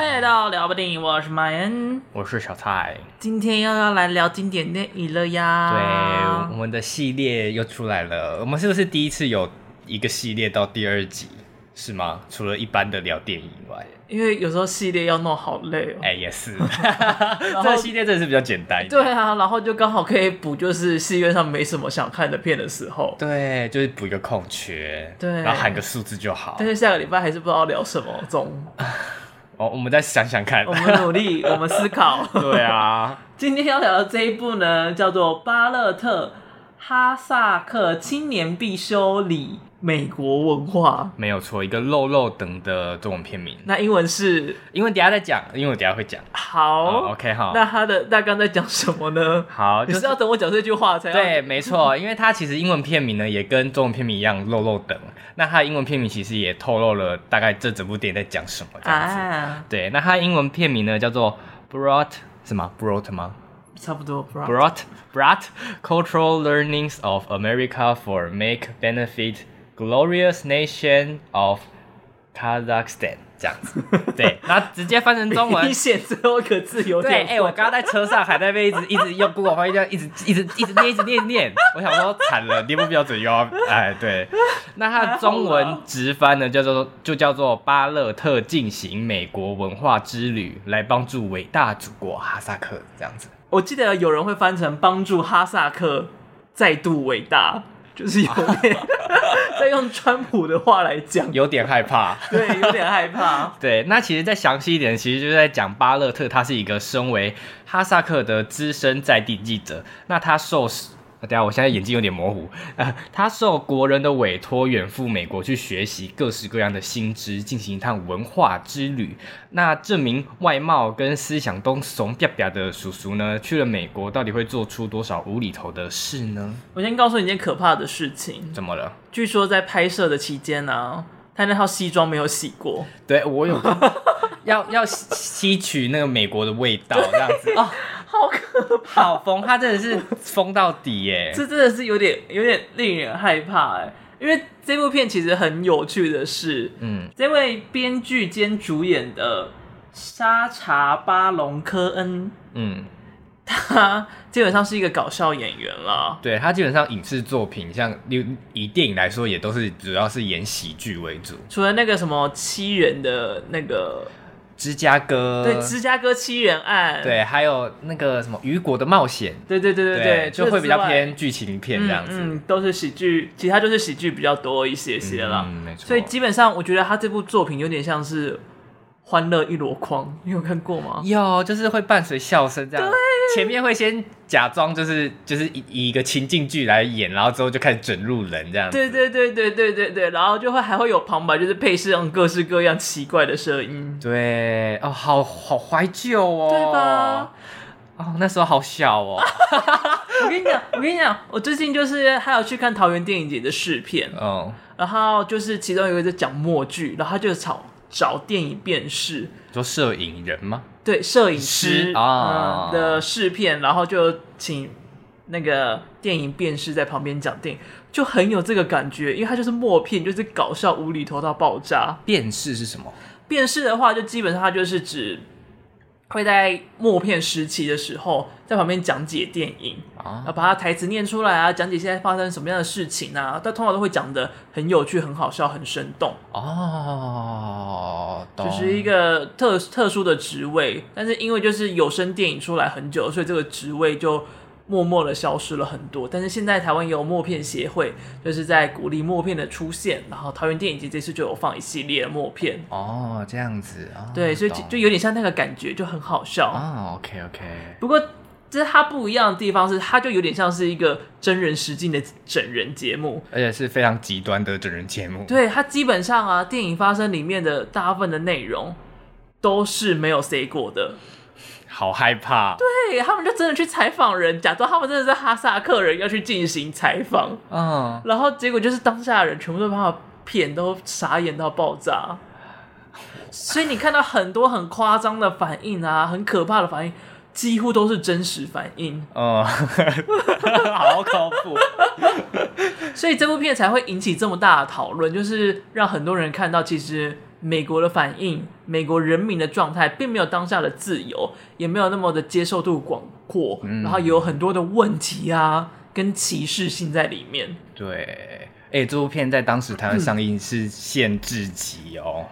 歡迎來到聊 Bar 電影，我是 Myen，我是小蔡，今天又要來聊經典電影了呀。對，我們的系列又出來了，我們是不是第一次有一個系列到第二集是嗎？除了一般的聊電影以外，因為有時候系列要弄好累哦、喔。哎、欸，也是， 這個、系列真的是比較簡單。對啊，然後就剛好可以補，就是戲院上沒什麼想看的片的時候，對，就是補一個空缺，對，然後喊個數字就好。但是下個禮拜還是不知道聊什麼，總。 哦，我們再想想看，我們努力，我們思考。 對啊，今天要聊的這一部呢，叫做《芭樂特哈薩克青年必修理美國文化沒有錯，一個漏漏等的中文片名。那英文是？英文等下再講，英文等下會講。好 oh，OK，好，oh。那他的剛剛在講什麼呢？好，就是，你是要等我講這句話才要。對，沒錯， 因為他其實英文片名呢也跟中文片名一樣，漏漏等。那他英文片名其實也透露了大概這整部電影在講什麼。這樣子啊。對，那他英文片名呢叫做 Borat 是嗎？Borat 嗎？差不多。Borat，Borat, Cultural Learnings of America for Make Benefit。Glorious Nation of Kazakhstan，這樣子。對，那直接翻成中文。你顯示我可自由。對，哎、欸， 我剛剛在車上還在被一直 一直用 Google 翻譯這樣一直一直一直念一直念念。 我想說慘了，念不標準喲。哎，對。那他的中文直翻呢，叫做就叫做芭樂特進行美國文化之旅，來幫助偉大祖國哈薩克這樣子。我記得有人會翻成幫助哈薩克再度偉大。就是有點， 在用川普的話來講，有點害怕。對，有點害怕。 對，那其實再詳細一點，其實就在講芭樂特，他是一個身為哈薩克的資深在地記者，那他受大、啊、家，我現在眼睛有點模糊，呃。他受國人的委托，遠赴美國去學習各式各樣的新知，進行一趟文化之旅。那這名外貌跟思想都慫掉掉的叔叔呢，去了美國，到底會做出多少無厘頭的事呢？我先告訴你一件可怕的事情。怎麼了？據說在拍攝的期間呢，啊，他那套西裝沒有洗過。對，我有 要。要要 吸取那個美國的味道，這樣子啊。Oh. 好可怕！好瘋，他真的是瘋 到底耶！ 這真的是有點有點令人害怕哎，因為這部片其實很有趣的是，嗯，這位編劇兼主演的沙查·巴隆·科恩，嗯，他基本上是一個搞笑演員了。對，他基本上影視作品，像以電影來說，也都是主要是演喜劇為主，除了那個什麼七人的那個。芝加哥，對，芝加哥七人案對，還有那個什麼雨果的冒險，對對對對對，對就會比較偏劇情片這樣子，這、嗯嗯，都是喜劇，其他就是喜劇比較多一些些了，嗯嗯。沒錯。所以基本上，我覺得他這部作品有點像是。歡樂一籮筐，你有看過嗎？有，就是會伴隨笑聲這樣。對，對，對，對，對，對，對，對，對，前面會先假裝就是就是以一個情境劇來演，然後之後就開始整路人這樣子。對對對對對對對，然後就會還會有旁白，就是配音用各式各樣奇怪的聲音，對，哦，好好懷舊哦，對吧？哦，那時候好小哦 我。我跟你講，我跟你講，我最近就是還有去看桃園電影節的試片，嗯，然後就是其中有一個講默劇，然後他就吵。找電影辯士，做攝影人嗎？對，攝影師啊的試片，哦，然後就請那個電影辯士在旁邊講電影，就很有這個感覺，因為它就是默片，就是搞笑無厘頭到爆炸。辯士是什麼？辯士的話，就基本上它就是指。會在默片時期的時候，在旁邊講解電影啊，要把他台詞念出來啊，講解現在發生什麼樣的事情啊，但通常都會講的很有趣、很好笑、很生動哦、啊，就是一個特特殊的職位，但是因為就是有聲電影出來很久，所以這個職位就。默默的消失了很多，但是現在台灣也有默片協會，就是在鼓勵默片的出現。然後桃園電影節這次就有放一系列的默片哦，這樣子啊、哦，對，所以就有點像那個感覺，就很好笑啊、哦。OK OK，不過這、就是它不一樣的地方是，是它就有點像是一個真人實境的整人節目，而且是非常極端的整人節目。對，它基本上啊，電影發生裡面的大部分的內容都是沒有 say 過的。好害怕！對，他們就真的去採訪人，假裝他們真的是哈薩克人要去進行採訪，嗯，然後結果就是當下的人全部都把他騙，都傻眼到爆炸。所以你看到很多很誇張的反應啊，很可怕的反應，幾乎都是真實反應。哦、嗯， 好恐怖！ 所以這部片才會引起這麼大的討論，就是讓很多人看到其實。美國的反應，美國人民的狀態，並沒有當下的自由，也沒有那麼的接受度廣闊、嗯，然後有很多的問題啊，跟歧視性在裡面。對，哎、欸，這部片在當時台灣上映是限制級哦、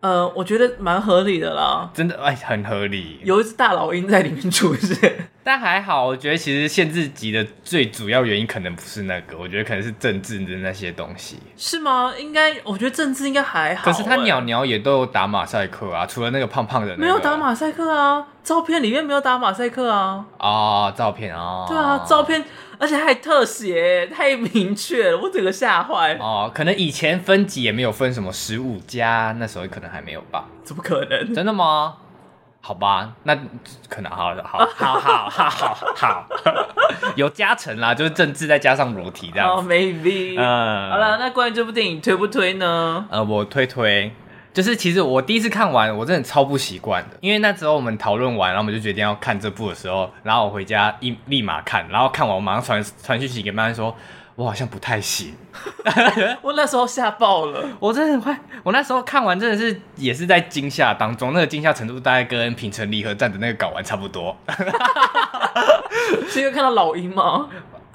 嗯。呃，我覺得蠻合理的啦。真的哎，很合理。有一隻大老鷹在裡面出現。但還好，我覺得其實限制級的最主要原因可能不是那個，我覺得可能是政治的那些東西。是嗎？應該，我覺得政治應該還好，欸。可是他鳥鳥也都有打馬賽克啊，除了那個胖胖的，那個。沒有打馬賽克啊，照片裡面沒有打馬賽克啊。哦，照片啊，哦。對啊，照片，而且還特寫，太明確了，我整個嚇壞。哦，可能以前分級也沒有分什麼十五加，那時候可能還沒有吧。怎麼可能？真的嗎？好吧，那可能好好好好好好好，好好 好好好好好 有加成啦，就是政治再加上裸體這樣子。哦、oh，maybe、呃。嗯，好了，那關於這部電影推不推呢？呃，我推推，就是其實我第一次看完，我真的超不習慣的，因為那時候我們討論完，然後我們就決定要看這部的時候，然後我回家一立馬看，然後看完我馬上傳傳訊息給媽媽說。我好像不太行 我那時候嚇爆了，我真的很快，我那時候看完真的是也是在驚嚇當中，那個驚嚇程度大概跟平成狸合戰的那個睪丸差不多，是因為看到老鷹嗎？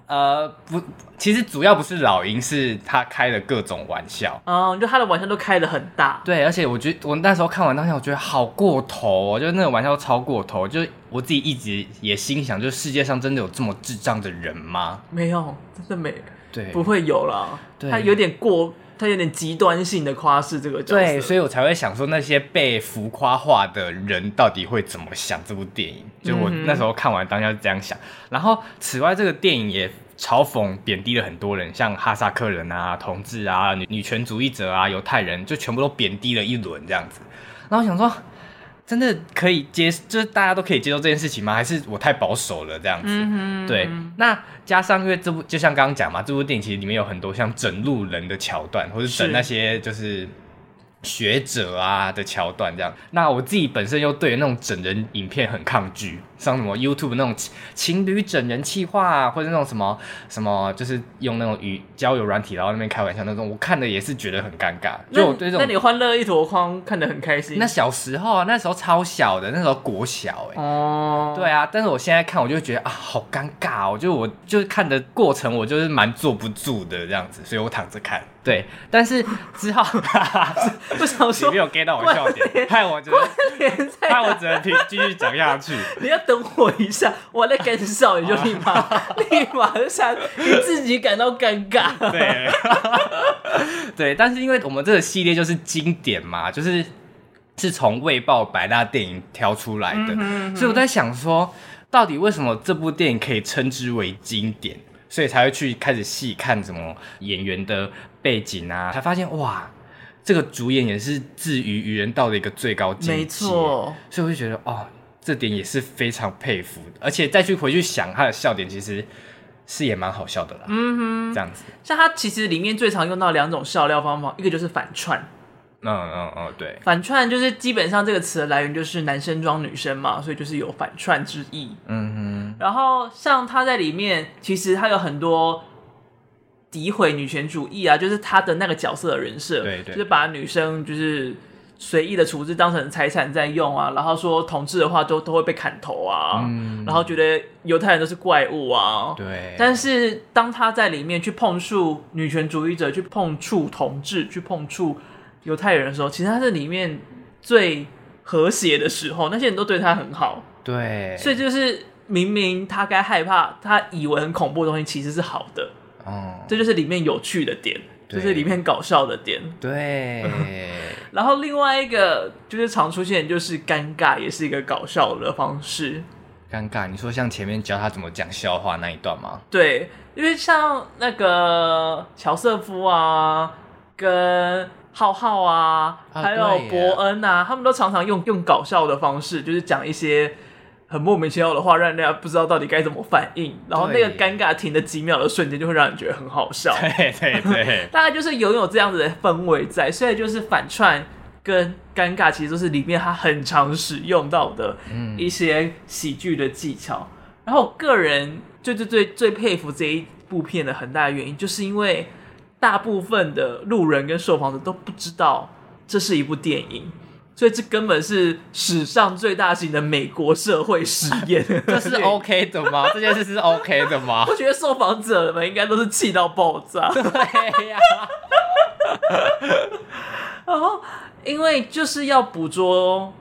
呃，不，其實主要不是老鷹，是他開了各種玩笑。嗯、uh，就他的玩笑都開得很大。對，而且我覺得我那時候看完當下我覺得好過頭，哦，就是那個玩笑超過頭，就我自己一直也心想，就是世界上真的有這麼智障的人嗎？沒有，真的沒。對，不會有了，他有點過，他有點極端性的誇飾這個角色，對，所以我才會想說那些被浮誇化的人到底會怎麼想這部電影？就我那時候看完當下是這樣想。嗯、然後，此外這個電影也嘲諷貶低了很多人，像哈薩克人啊、同志啊、女女權主義者啊、猶太人，就全部都貶低了一輪這樣子。然後想說。真的可以接，就是大家都可以接受這件事情嗎？還是我太保守了這樣子？嗯、對、嗯，那加上因為這部就像剛剛講嘛，這部電影其實裡面有很多像整路人的橋段，或者整那些就是學者啊的橋段這樣。那我自己本身又對那種整人影片很抗拒。上什麼 YouTube 那種情侶整人企劃，啊，或者那種什麼什麼，就是用那種語交友軟體，然後那邊開玩笑那種，我看的也是覺得很尷尬。就我對這種，那你歡樂一籮筐看得很開心。那小時候啊，那時候超小的，那時候國小哎、欸。哦、嗯。對啊，但是我現在看，我就覺得啊，好尷尬哦。就我就是看的過程，我就是蠻坐不住的這樣子，所以我躺着看。對。但是之後，哈 哈， 不小心你沒有 get 到我笑點，害我就是，害我只能繼續講下去。等我一下，我還在感受你就立馬 立馬想自己感到尷尬。對， 對，但是因為我們這個系列就是經典嘛，就是是從《衛報》百大電影挑出來的嗯哼嗯哼，所以我在想說，到底為什麼這部電影可以稱之為經典？所以才會去開始細看什麼演員的背景啊，才發現哇，這個主演也是至於《愚人》道的一個最高境界。沒錯，所以我就覺得哦。這點也是非常佩服的，而且再去回去想他的笑點，其實是也蠻好笑的啦。嗯哼，這樣子，像他其實裡面最常用到兩種笑料方法，一個就是反串。嗯嗯嗯，對，反串就是基本上這個詞的來源就是男生裝女生嘛，所以就是有反串之意。嗯哼，然後像他在裡面其實他有很多詆毀女權主義啊，就是他的那個角色的人設，對對對就是把女生就是。隨意的處置當成財產在用啊，然後說同志的話都都會被砍頭啊、嗯，然後覺得猶太人都是怪物啊。對。但是當他在裡面去碰觸女權主義者，去碰觸同志，去碰觸猶太人的時候，其實他這裡面最和諧的時候，那些人都對他很好。對。所以就是明明他該害怕，他以為很恐怖的東西，其實是好的。哦、嗯。這就是裡面有趣的點。就是裡面搞笑的點，對。 然後另外一個就是常出現，就是尷尬，也是一個搞笑的方式。尷尬，你說像前面教他怎麼講笑話那一段嗎？對，因為像那個喬瑟夫啊，跟浩浩啊，還有伯恩啊，啊，他們都常常用用搞笑的方式，就是講一些。很莫名其妙的話，讓人家不知道到底該怎麼反應，然後那個尷尬停的幾秒的瞬間，就會讓你覺得很好笑。對對，對，對 大概就是擁有這樣子的氛圍在，所以就是反串跟尷尬，其實都是裡面他很常使用到的一些喜劇的技巧。嗯、然後個人最最最最佩服這一部片的很大的原因，就是因為大部分的路人跟受訪者都不知道這是一部電影。所以這根本是史上最大型的美國社會實驗，這是 OK 的嗎？ 這件事是 OK 的嗎？我覺得受訪者們應該都是氣到爆炸，對呀、啊。 然後，因為就是要捕捉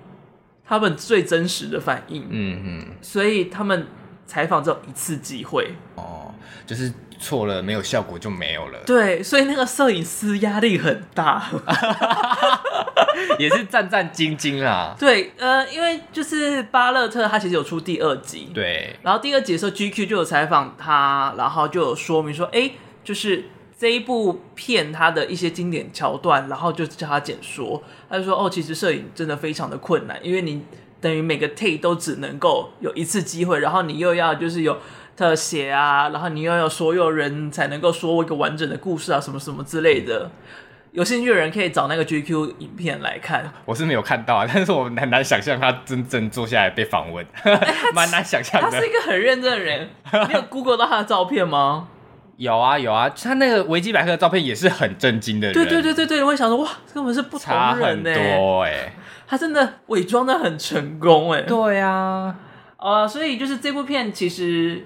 他們最真實的反應，嗯嗯，所以他們採訪只有一次機會哦，就是。錯了，沒有效果就沒有了。對，所以那個攝影師壓力很大， 也是戰戰兢兢啦、啊。對，呃，因為就是芭樂特他其實有出第二集。對。然後第二集的時候，GQ 就有採訪他，然後就有說明說，哎，就是這一部片他的一些經典橋段，然後就叫他解說。他就說，哦，其實攝影真的非常的困難，因為你等於每個 take 都只能夠有一次機會，然後你又要就是有。特寫啊，然後你又有所有人才能夠說我一個完整的故事啊，什麼什麼之類的。有興趣的人可以找那個 GQ 影片來看。我是沒有看到啊，但是我很難，難想象他真正坐下來被訪問，欸，蠻難想象的。他是一個很認真的人。你有 Google 到他的照片嗎？ 有啊，有啊，他那個維基百科的照片也是很震驚的。對對對對對，我也想說，哇，根本是不同人呢，欸。差很多哎，欸，他真的偽裝得很成功哎，欸。對啊，啊、呃，所以就是這部片其實。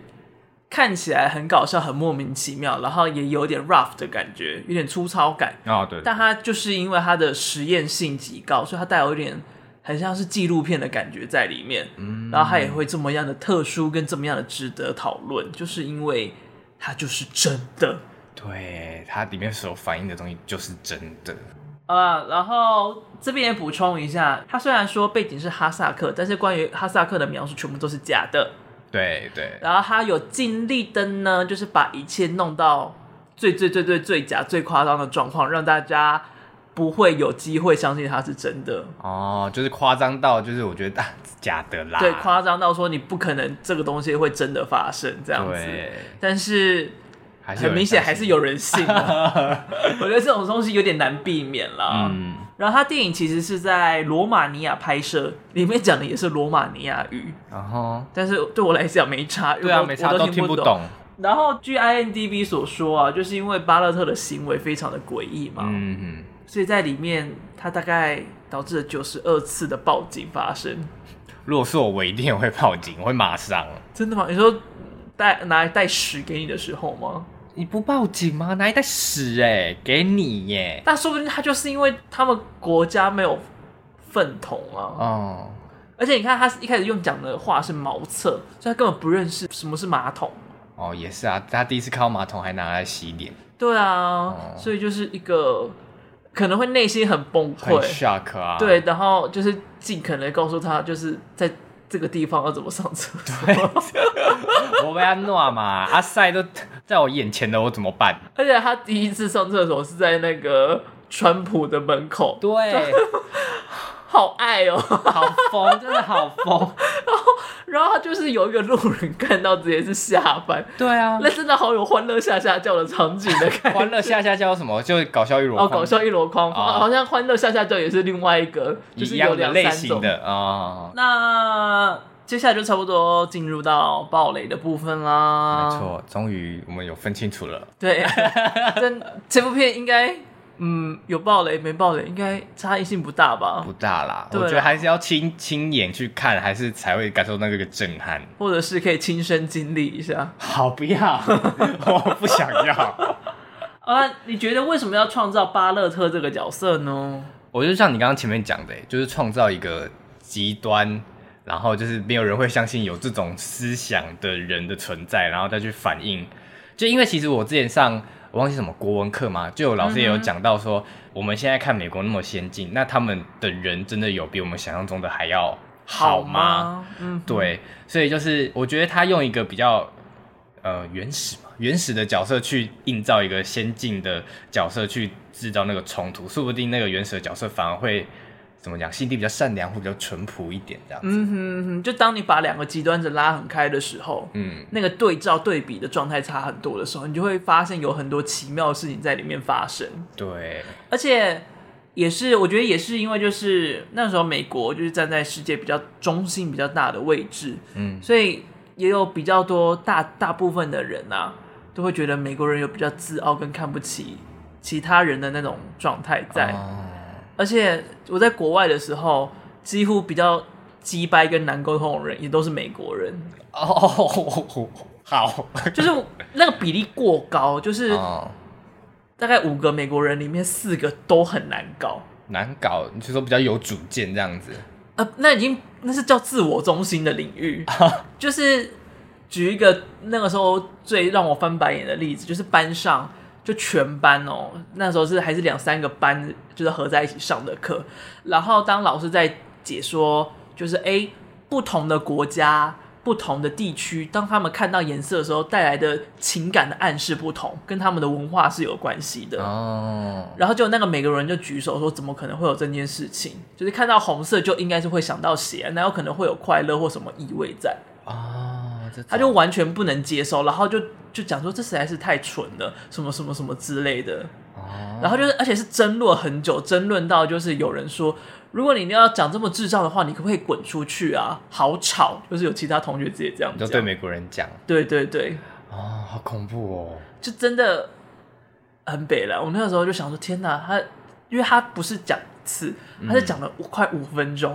看起來很搞笑，很莫名其妙，然後也有點 rough 的感覺，有點粗糙感，啊，哦。對，但它就是因為它的實驗性極高，所以它帶有一點很像是紀錄片的感覺在裡面。嗯，然後它也會這麼樣的特殊，跟這麼樣的值得討論，就是因為它就是真的。對，它裡面所反映的東西就是真的。啊，然後這邊也補充一下，它雖然說背景是哈薩克，但是關於哈薩克的描述全部都是假的。對對，然後他有盡力的呢，就是把一切弄到最最最最最最假，最誇張的狀況，讓大家不會有機會相信它是真的哦，就是誇張到就是我覺得、啊、假的啦，對，誇張到說你不可能這個東西會真的發生這樣子，但是很明顯還是有人信，人信 我覺得這種東西有點難避免啦嗯。然後他電影其實是在羅馬尼亞拍攝，裡面講的也是羅馬尼亞語。然後，但是對我來講沒差，對啊、因為我，沒差我都，聽都聽不懂。然後據 IMDB 所說啊，就是因為巴勒特的行為非常的詭異嘛，嗯嗯，所以在裡面他大概導致了九十二次的報警發生。如果是我，我一定會報警，我會馬上。真的嗎？你說帶拿來帶屎給你的時候嗎？你不報警嗎？拿一袋屎哎、欸，給你耶！但說不定他就是因為他們國家沒有糞桶啊。嗯、哦。而且你看他一開始用講的話是茅廁，所以他根本不認識什麼是馬桶。哦，也是啊，他第一次看到馬桶還拿來洗臉。對啊，哦、所以就是一個可能會內心很崩潰，很嚇客、啊、對，然後就是儘可能告訴他，就是在這個地方要怎麼上車。對 我被安諾嘛， 阿塞都。在我眼前的我怎麼辦？而且他第一次上廁所是在那個川普的門口，對，好愛哦，好瘋， 真的好瘋。然後，然後他就是有一個路人看到，直接是下班，對啊，那真的好有歡樂下下叫的場景的感覺。 歡樂下下叫什麼？就是搞笑一籮，哦，搞笑一籮筐，哦哦，好像歡樂下下叫也是另外一個，就是有兩三種的類型的啊，哦。那。接下來就差不多進入到暴雷的部分啦。沒錯，終於我們有分清楚了對、啊。對， 這這部片應該嗯有暴雷沒暴雷，應該差異性不大吧？不大啦，我覺得還是要親親眼去看，還是才會感受那個震撼。或者是可以親身經歷一下。好，不要， 我不想要。 啊，你覺得為什麼要創造芭樂特這個角色呢？我就像你剛剛前面講的，就是創造一個極端。然後就是沒有人會相信有這種思想的人的存在，然後再去反映。就因為其實我之前上我忘記什麼國文課嘛，就老師也有講到說，嗯，我們現在看美國那麼先進，那他們的人真的有比我們想象中的還要好嗎？好啊，嗯，對，所以就是我覺得他用一個比較呃原始嘛，原始的角色去映照一個先進的角色，去製造那個衝突，說不定那個原始的角色反而會。怎麼講？心地比較善良，或者淳樸一點這樣子。嗯哼哼，就當你把兩個極端者拉很開的時候，嗯，那個對照對比的狀態差很多的時候，你就會發現有很多奇妙的事情在裡面發生。對，而且也是，我覺得也是因為就是那時候美國就是站在世界比較中心，比較大的位置，嗯，所以也有比較多大大部分的人吶，啊，都會覺得美國人有比較自傲跟看不起其他人的那種狀態在。哦而且我在國外的時候，幾乎比較雞掰跟難溝通的人，也都是美國人。哦，好，就是那個比例過高，就是大概五個美國人裡面四個都很難搞。難搞，你就是說比較有主見這樣子。呃，那已經那是叫自我中心的領域。 就是舉一個那個時候最讓我翻白眼的例子，就是班上。就全班哦，那時候是還是兩三個班，就是合在一起上的課。然後當老師在解說，就是誒不同的國家、不同的地區，當他們看到顏色的時候，帶來的情感的暗示不同，跟他們的文化是有關係的。哦、oh.。然後就那個每個人就舉手說，怎麼可能會有這件事情？就是看到紅色就應該是會想到血，哪有可能會有快樂或什麼意味在？啊、oh.。他就完全不能接受，然後就就講說這實在是太蠢了，什麼什麼什麼之類的。哦。然後就是，而且是爭論很久，爭論到就是有人說，如果你要講這麼智障的話，你可不可以滾出去啊？好吵，就是有其他同學直接這樣。就對美國人講。對對對。哦，好恐怖哦。就真的很北了。我那個時候就想說，天哪，他因為他不是講一次，嗯，他是講了快五分鐘。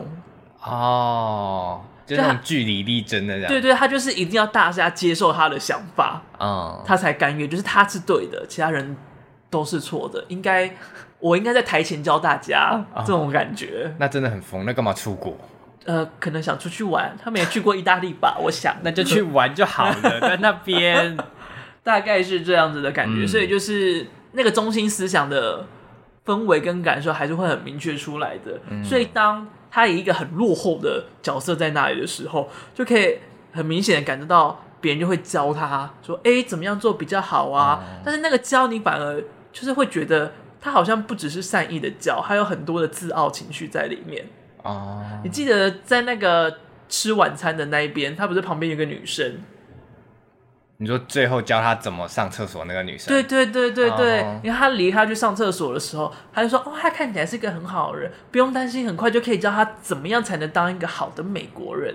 哦。就很據理力爭的這樣，對對，他就是一定要大家接受他的想法，嗯、他才甘願，就是他是對的，其他人都是錯的，應該我應該在台前教大家、哦、這種感覺。哦、那真的很瘋，那干嘛出國？呃，可能想出去玩，他們也去過意大利吧， 我想，那就去玩就好了， 在那邊 大概是這樣子的感覺、嗯，所以就是那個中心思想的氛圍跟感受還是會很明確出來的，嗯、所以當。他以一個很落後的角色在那裡的時候，就可以很明顯的感覺到別人就會教他說：“哎、欸，怎麼樣做比較好啊？”但是那個教你反而就是會覺得他好像不只是善意的教，他有很多的自傲情緒在裡面啊！Uh... 你記得在那個吃晚餐的那一邊，他不是旁邊有個女生？你說最後教他怎麼上廁所那個女生？對對對對對，因、oh. 為他離開去上廁所的時候，他就說：“哦，他看起來是一個很好的人，不用擔心，很快就可以教他怎麼樣才能當一個好的美國人。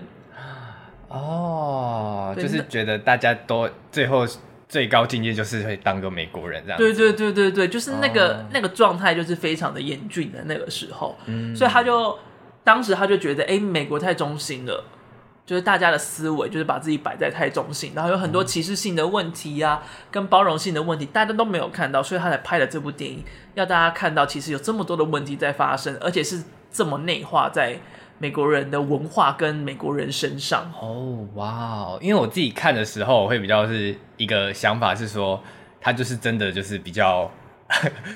Oh, ”哦，就是覺得大家都最後最高境界就是會當個美國人這樣。對對對對對，就是那個、oh. 那個狀態就是非常的嚴峻的那個時候，嗯、所以他就當時他就覺得，哎，美國太中心了。就是大家的思維，就是把自己擺在太中性，然後有很多歧視性的問題呀、啊，跟包容性的問題，大家都沒有看到，所以他才拍了這部電影，要大家看到其實有這麼多的問題在發生，而且是這麼內化在美國人的文化跟美國人身上。哦，哇，因為我自己看的時候，會比較是一個想法是說，他就是真的就是比較。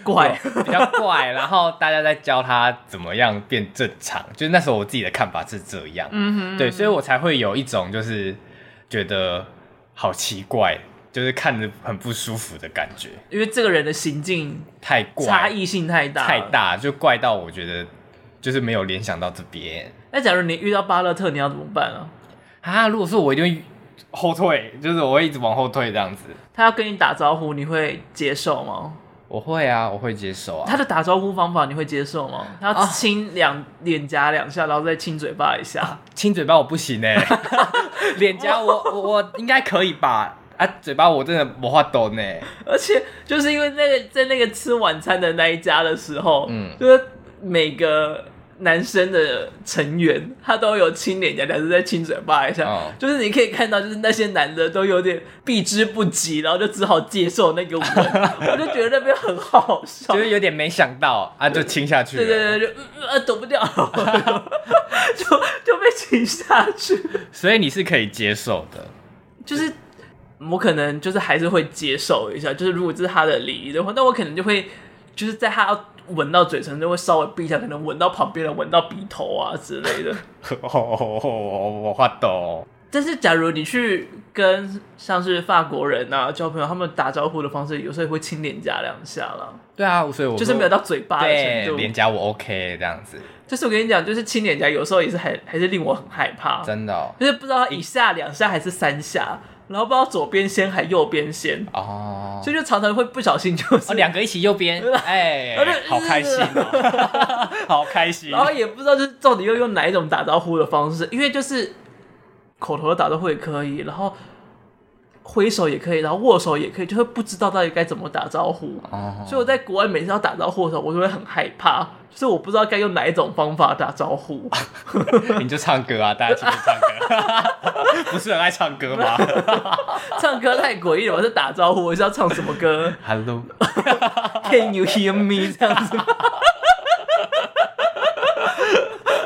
怪， 比較怪，然後大家在教他怎麼樣變正常。 就是那時候我自己的看法是這樣，嗯，哼嗯哼對，所以我才會有一種就是覺得好奇怪，就是看着很不舒服的感覺。因為這個人的行徑太怪，差異性太大，太大，就怪到我覺得就是沒有聯想到這邊。那假如你遇到巴勒特，你要怎麼辦啊？啊，如果說我一定會後退，就是我會一直往後退這樣子。他要跟你打招呼，你會接受嗎？我會啊，我會接受啊。他的打招呼方法你會接受嗎？他要親兩、哦、臉頰兩下，然後再親嘴巴一下。啊、親嘴巴我不行哎， 臉頰我 我，我應該可以吧？啊，嘴巴我真的沒法懂呢。而且就是因為那個在那個吃晚餐的那一家的時候，嗯，就是每個。男生的成員，他都有親臉頰，但是在親嘴巴一下，oh. 就是你可以看到，就是那些男的都有點避之不及，然後就只好接受那個吻。 我就覺得那邊很好笑，就是有點沒想到啊，就親下去了。對對對，就啊躲不掉就 就，就就被親下去。 所以你是可以接受的，就是我可能就是還是會接受一下，就是如果這是他的禮儀的話，那我可能就會就是在他。聞到嘴唇就會稍微閉一下，可能聞到旁邊的，聞到鼻頭啊之類的。我話多，但是假如你去跟像是法國人啊交朋友，他們打招呼的方式有時候也會親臉頰兩下啦。對啊，所以我就是沒有到嘴巴的程度，臉頰我 ok 這樣子。就是我跟你講，就是親臉頰有時候也是還還，還是令我很害怕。真的哦，就是不知道一下兩下還是三下然後不知道左邊先還右邊先哦，所以就常常會不小心就是、哦、兩個一起右邊，哎，好開心，哦，啊， 好開心。然後也不知道就是到底要用哪一種打招呼的方式，因為就是口頭的打招呼也可以，然後。揮手也可以，然後握手也可以，就會不知道到底該怎麼打招呼。Oh. 所以我在國外每次要打招呼的時候，我都會很害怕，所以我不知道該用哪一種方法打招呼。 你就唱歌啊，大家請你唱歌， 不是很愛唱歌嗎？ 唱歌太詭異了，我是打招呼，我是要唱什麼歌？Hello，Can you hear me？這樣子。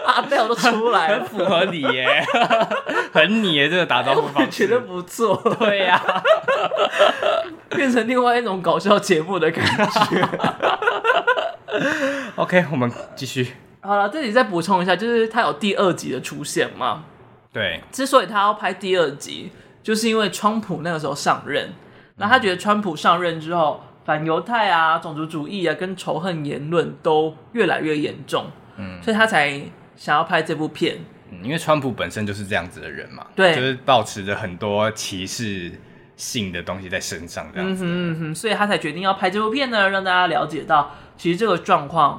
阿貝爾都出來了 很符合你耶， 很你耶，這個打招呼方式覺得不錯， 對呀、啊， 變成另外一種搞笑節目的感覺。 OK，我們繼續。好了，這裡再補充一下，就是他有第二集的出現嘛。對，之所以他要拍第二集，就是因為川普那個時候上任，那、嗯、他覺得川普上任之後，反猶太啊、種族主義啊、跟仇恨言論都越來越嚴重，嗯，所以他才。想要拍這部片，因為川普本身就是這樣子的人嘛，對，就是抱持著很多歧視性的東西在身上，這樣子的，嗯哼，嗯哼，所以他才決定要拍這部片呢，讓大家了解到其實這個狀況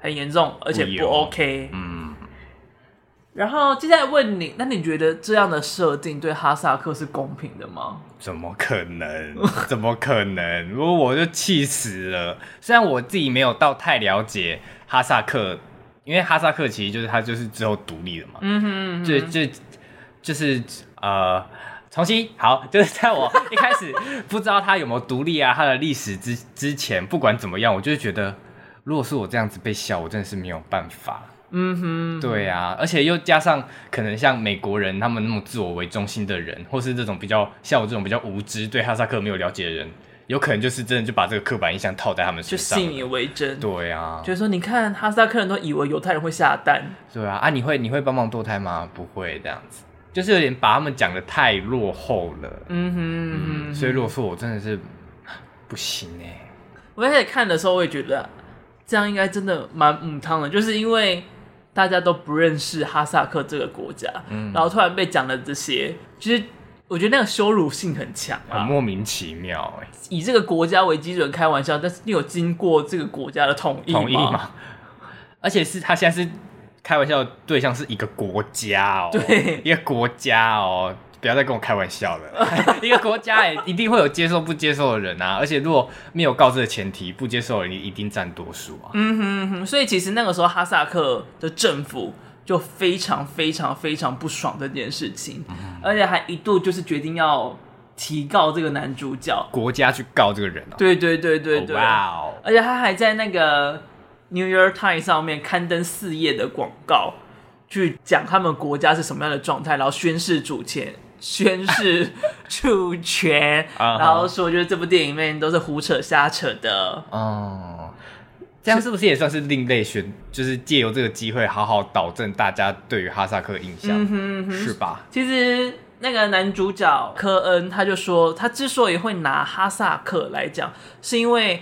很嚴重，而且不 OK，不嗯。然後接下來問你，那你覺得這樣的設定對哈薩克是公平的嗎？怎麼可能？怎麼可能？ 如果我就氣死了。雖然我自己沒有到太了解哈薩克。因為哈薩克其實就是他就是之後獨立的嘛嗯，嗯哼，就就就是呃，重新好，就是在我一開始不知道他有沒有獨立啊， 他的歷史之之前，不管怎麼樣，我就覺得如果是我這樣子被笑，我真的是沒有辦法，嗯哼，對啊，而且又加上可能像美國人他們那麼自我為中心的人，或是這種比較像我這種比較無知對哈薩克沒有了解的人，有可能就是真的就把這個刻板印象套在他們身上，就信以為真。對啊，就是說你看哈薩克人都以為猶太人會下蛋。對啊，啊你會你會幫忙墮胎嗎？不會這樣子，就是有點把他們講得太落後了嗯嗯。嗯哼，所以如果說我真的是不行呢、欸？我開始看的時候我也覺得、啊、這樣應該真的蠻母湯的，就是因為大家都不認識哈薩克這個國家，嗯，然後突然被講了這些，其實。我覺得那個羞辱性很強啊，很莫名其妙哎、欸！以這個國家為基準開玩笑，但是你有經過這個國家的同意同意嗎？而且是他現在是開玩笑的對象是一個國家哦，對，一個國家哦，不要再跟我開玩笑了， 一個國家也一定會有接受不接受的人啊！而且如果沒有告知的前提，不接受的人你一定占多數啊！嗯哼哼，所以其實那個時候哈薩克的政府。就非常非常非常不爽這件事情、嗯，而且還一度就是決定要提告這個男主角，國家去告這個人、哦。對對對對對、oh, wow，而且他還在那個《New York Times》上面刊登四頁的廣告，去講他們國家是什麼樣的狀態，然後宣誓主權，宣誓主權， 主權 uh -huh. 然後說就是這部電影裡面都是胡扯瞎扯的。Uh -huh. 這樣是不是也算是另類選？是就是借由這個機會好好導正大家對於哈薩克的印象嗯哼嗯哼，是吧？其實那個男主角科恩他就說，他之所以會拿哈薩克來講，是因為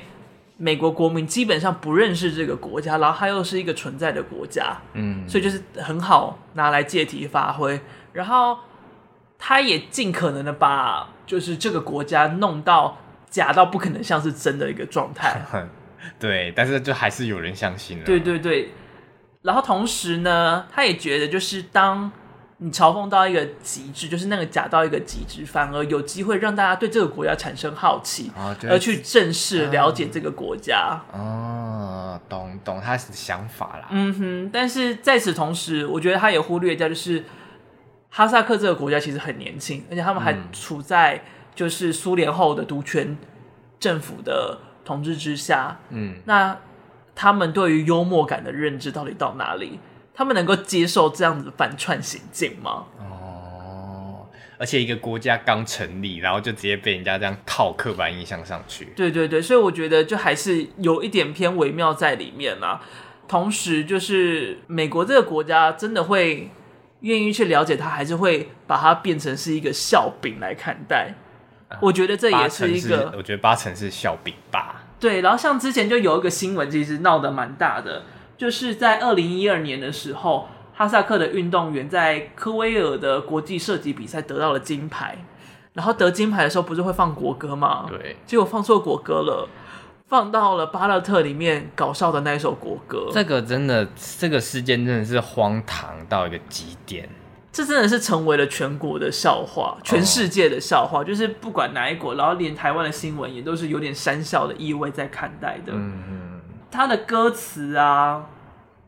美國國民基本上不認識這個國家，然後他又是一個存在的國家，嗯，所以就是很好拿來借題發揮。然後他也盡可能的把就是這個國家弄到假到不可能像是真的一個狀態。 對，但是就還是有人相信了。對對對，然後同時呢，他也覺得就是當你嘲諷到一個極致，就是那個假到一個極致，反而有機會讓大家對這個國家產生好奇，哦、而去正視了解這個國家。嗯、哦，懂懂他的想法啦。嗯哼，但是在此同時，我覺得他也忽略掉就是哈薩克這個國家其實很年輕，而且他們還處在就是蘇聯後的獨權政府的。統治之下，嗯，那他們對於幽默感的認知到底到哪裡？他們能夠接受這樣子的反串行徑嗎？哦，而且一個國家剛成立，然後就直接被人家這樣套刻板印象上去。對對對，所以我覺得就還是有一點偏微妙在裡面啊。同時，就是美國這個國家真的會願意去了解它，還是會把它變成是一個笑柄來看待？我覺得這也是一個，我覺得八成是笑柄吧。對，然後像之前就有一個新聞，其實鬧得蠻大的，就是在二零一二年的時候，哈薩克的運動員在科威爾的國際射擊比賽得到了金牌，然後得金牌的時候不是會放國歌嗎？對，結果放錯國歌了，放到了芭樂特裡面搞笑的那一首國歌。這個真的，這個事件真的是荒唐到一個極點。這真的是成為了全國的笑話，全世界的笑話，oh. 就是不管哪一國，然後連台灣的新聞也都是有點訕笑的意味在看待的。嗯、mm. 他的歌詞啊，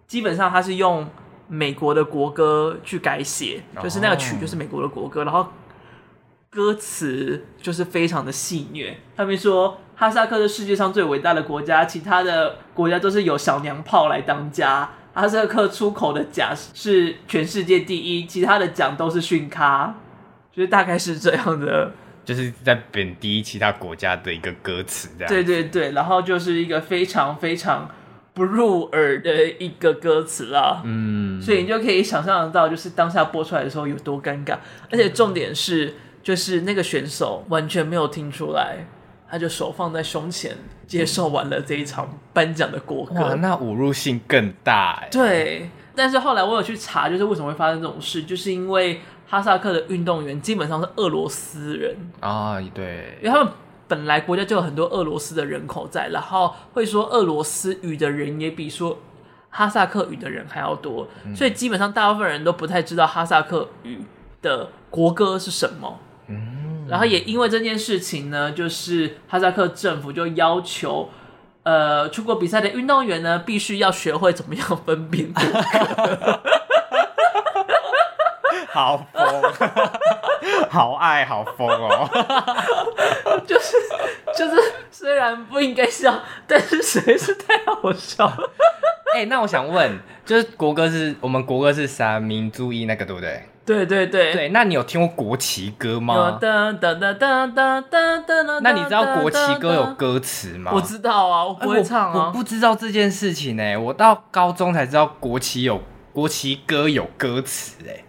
基本上他是用美國的國歌去改寫，就是那個曲就是美國的國歌，oh. 然後歌詞就是非常的戲謔。他們說哈薩克是世界上最偉大的國家，其他的國家都是有小娘炮來當家。阿瑟克出口的獎是全世界第一，其他的獎都是遜咖，就是大概是這樣的，就是在貶低其他國家的一個歌詞這樣。對對對，然後就是一個非常非常不入耳的一個歌詞啦。嗯，所以你就可以想象得到，就是當下播出來的時候有多尷尬，而且重點是，就是那個選手完全沒有聽出來。他就手放在胸前，接受完了這一場頒獎的國歌。嗯。哇，那侮辱性更大哎！對，但是後來我有去查，就是為什麼會發生這種事，就是因為哈薩克的運動員基本上是俄羅斯人啊，對，因為他們本來國家就有很多俄羅斯的人口在，然後會說俄羅斯語的人也比說哈薩克語的人還要多，所以基本上大部分人都不太知道哈薩克語的國歌是什麼。嗯、然後也因為這件事情呢，就是哈薩克政府就要求，呃，出國比賽的運動員呢，必須要學會怎麼樣分辨 好瘋， 好愛好瘋哦， 就是就是，雖然不應該笑，但是實在是太好笑了。哎、 欸，那我想問，就是國歌是我們國歌是三民主義那個，對不對？對對對對，那你有聽過國旗歌嗎？啊、那你知道國旗歌有歌詞嗎？我知道啊，我不會唱啊、欸我。我不知道這件事情呢、欸。我到高中才知道國旗有國旗歌有歌詞哎、欸。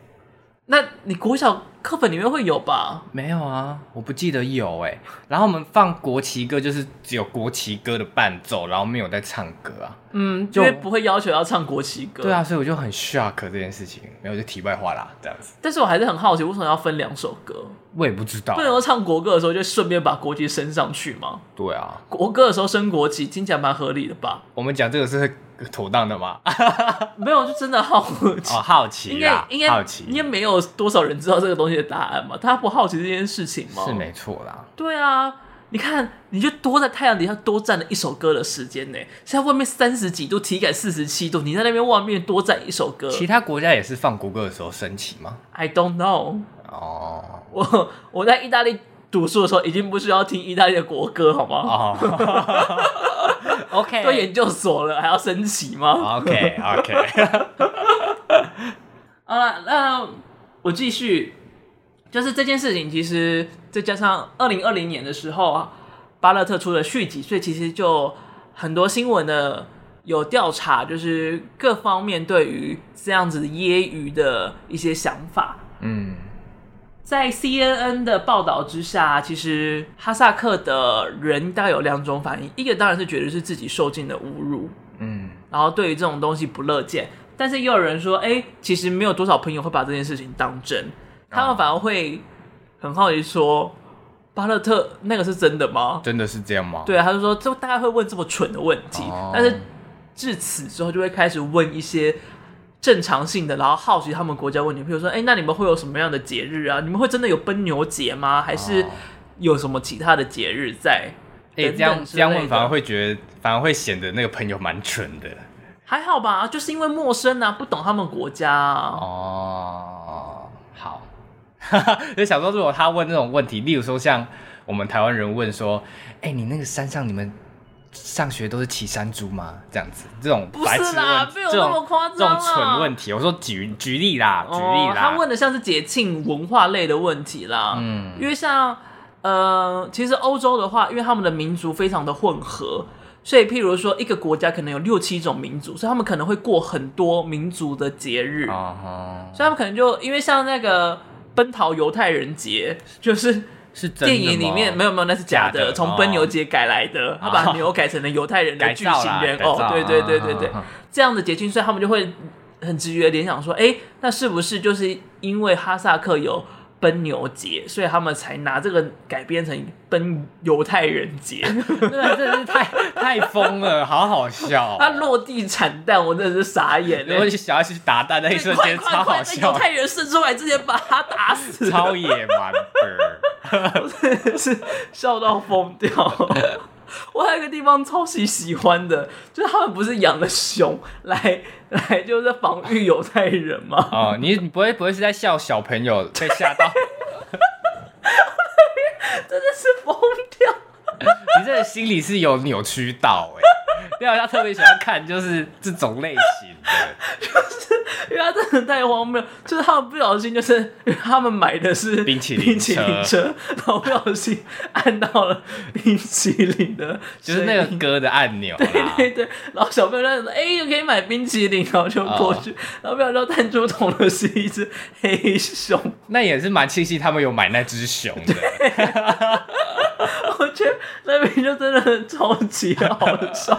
那你國小？課本裡面會有吧？沒有啊，我不記得有哎、欸。然後我們放國旗歌，就是只有國旗歌的伴奏，然後沒有在唱歌啊。嗯，就不會要求要唱國旗歌。對啊，所以我就很 shock 這件事情。沒有，就題外話啦，這樣子。但是我還是很好奇，為什麼要分兩首歌？我也不知道。對，然後唱國歌的時候，就順便把國旗升上去嗎？對啊。國歌的時候升國旗，聽起來蠻合理的吧？我們講這個是妥當的嗎？ 沒有，就真的好奇，哦，好奇呀，應該好奇，應該沒有多少人知道這個東西的答案嘛？他不好奇這件事情嗎？是沒錯啦。對啊，你看，你就多在太陽底下多站了一首歌的時間呢。現在外面三十幾度，體感四十七度，你在那邊外面多站一首歌。其他國家也是放國歌的時候升旗嗎？I don't know、oh.。哦，我我在意大利讀書的時候已經不需要聽意大利的國歌，好嗎？啊、oh. OK，都研究所了還要升旗嗎？OK OK， 好了，那我繼續，就是這件事情，其實再加上二零二零年的時候啊，芭樂特出了續集，所以其實就很多新聞的有調查，就是各方面對於這樣子揶揄的一些想法，嗯。在 CNN 的報道之下，其實哈薩克的人大概有兩種反應，一個當然是覺得是自己受盡了侮辱，嗯，然後對於這種東西不樂見，但是也有人說，哎、欸，其實沒有多少朋友會把這件事情當真，嗯、他們反而會很好奇說，芭樂特那個是真的嗎？真的是這樣嗎？對，他就說，就大概會問這麼蠢的問題，哦、但是至此之後就會開始問一些。正常性的，然後好奇他們國家問題，比如說，哎、欸，那你們會有什麼樣的節日啊？你們會真的有奔牛節嗎？還是有什麼其他的節日在？哎、欸，這樣這樣問反而會覺得，反而會顯得那個朋友蠻蠢的。還好吧，就是因為陌生啊，不懂他們國家。哦，好，哈哈。就想說，如果他問這種問題，例如說像我們台灣人問說，哎、欸，你那個山上你們。上學都是騎山豬嗎？這樣子，這種白癡的問題，不是啦，這種，沒有那麼誇張，這種蠢問題。我說舉舉例啦，oh, 舉例啦。他問的像是節慶文化類的問題啦，嗯，因為像，呃，其實歐洲的話，因為他們的民族非常的混合，所以譬如說一個國家可能有六七種民族，所以他們可能會過很多民族的節日啊，uh -huh. 所以他們可能就因為像那個奔逃猶太人節，就是。是真的電影裡面沒有沒有，那是假的，從奔牛節改來的。哦、他把他牛改成了猶太人的巨型人偶。哦哦，對對對對對，嗯嗯嗯、這樣的節慶，所以他們就會很直覺聯想說，哎、欸，那是不是就是因為哈薩克有？奔牛節，所以他們才拿這個改編成奔猶太人節， 那真的是太太瘋了，好好笑啊。他落地產蛋，我真的是傻眼。然後就想要去打蛋那一瞬間，超好笑。猶、那個、太人生出來之前把他打死，超野蠻，我真的是笑到瘋掉。我還有個地方超級喜歡的，就是他們不是養了熊來來，來就是防御猶太人嗎？哦，你不會不會是在笑小朋友被嚇到 ？ 真的是瘋掉 你這個心裡是有扭曲到、欸另外，他特別喜歡看就是這種類型的，就是因為他真的太荒謬，就是他們不小心，就是因為他們買的是冰淇淋冰淇淋車，然後不小心按到了冰淇淋的，就是那個歌的按鈕，對對對，然後小朋友就說：“哎、欸，又可以買冰淇淋。”然後就過去，哦、然後不小心彈珠筒的是一只黑熊，那也是蠻慶幸他們有買那只熊的。 我覺得那邊就真的很超級好笑。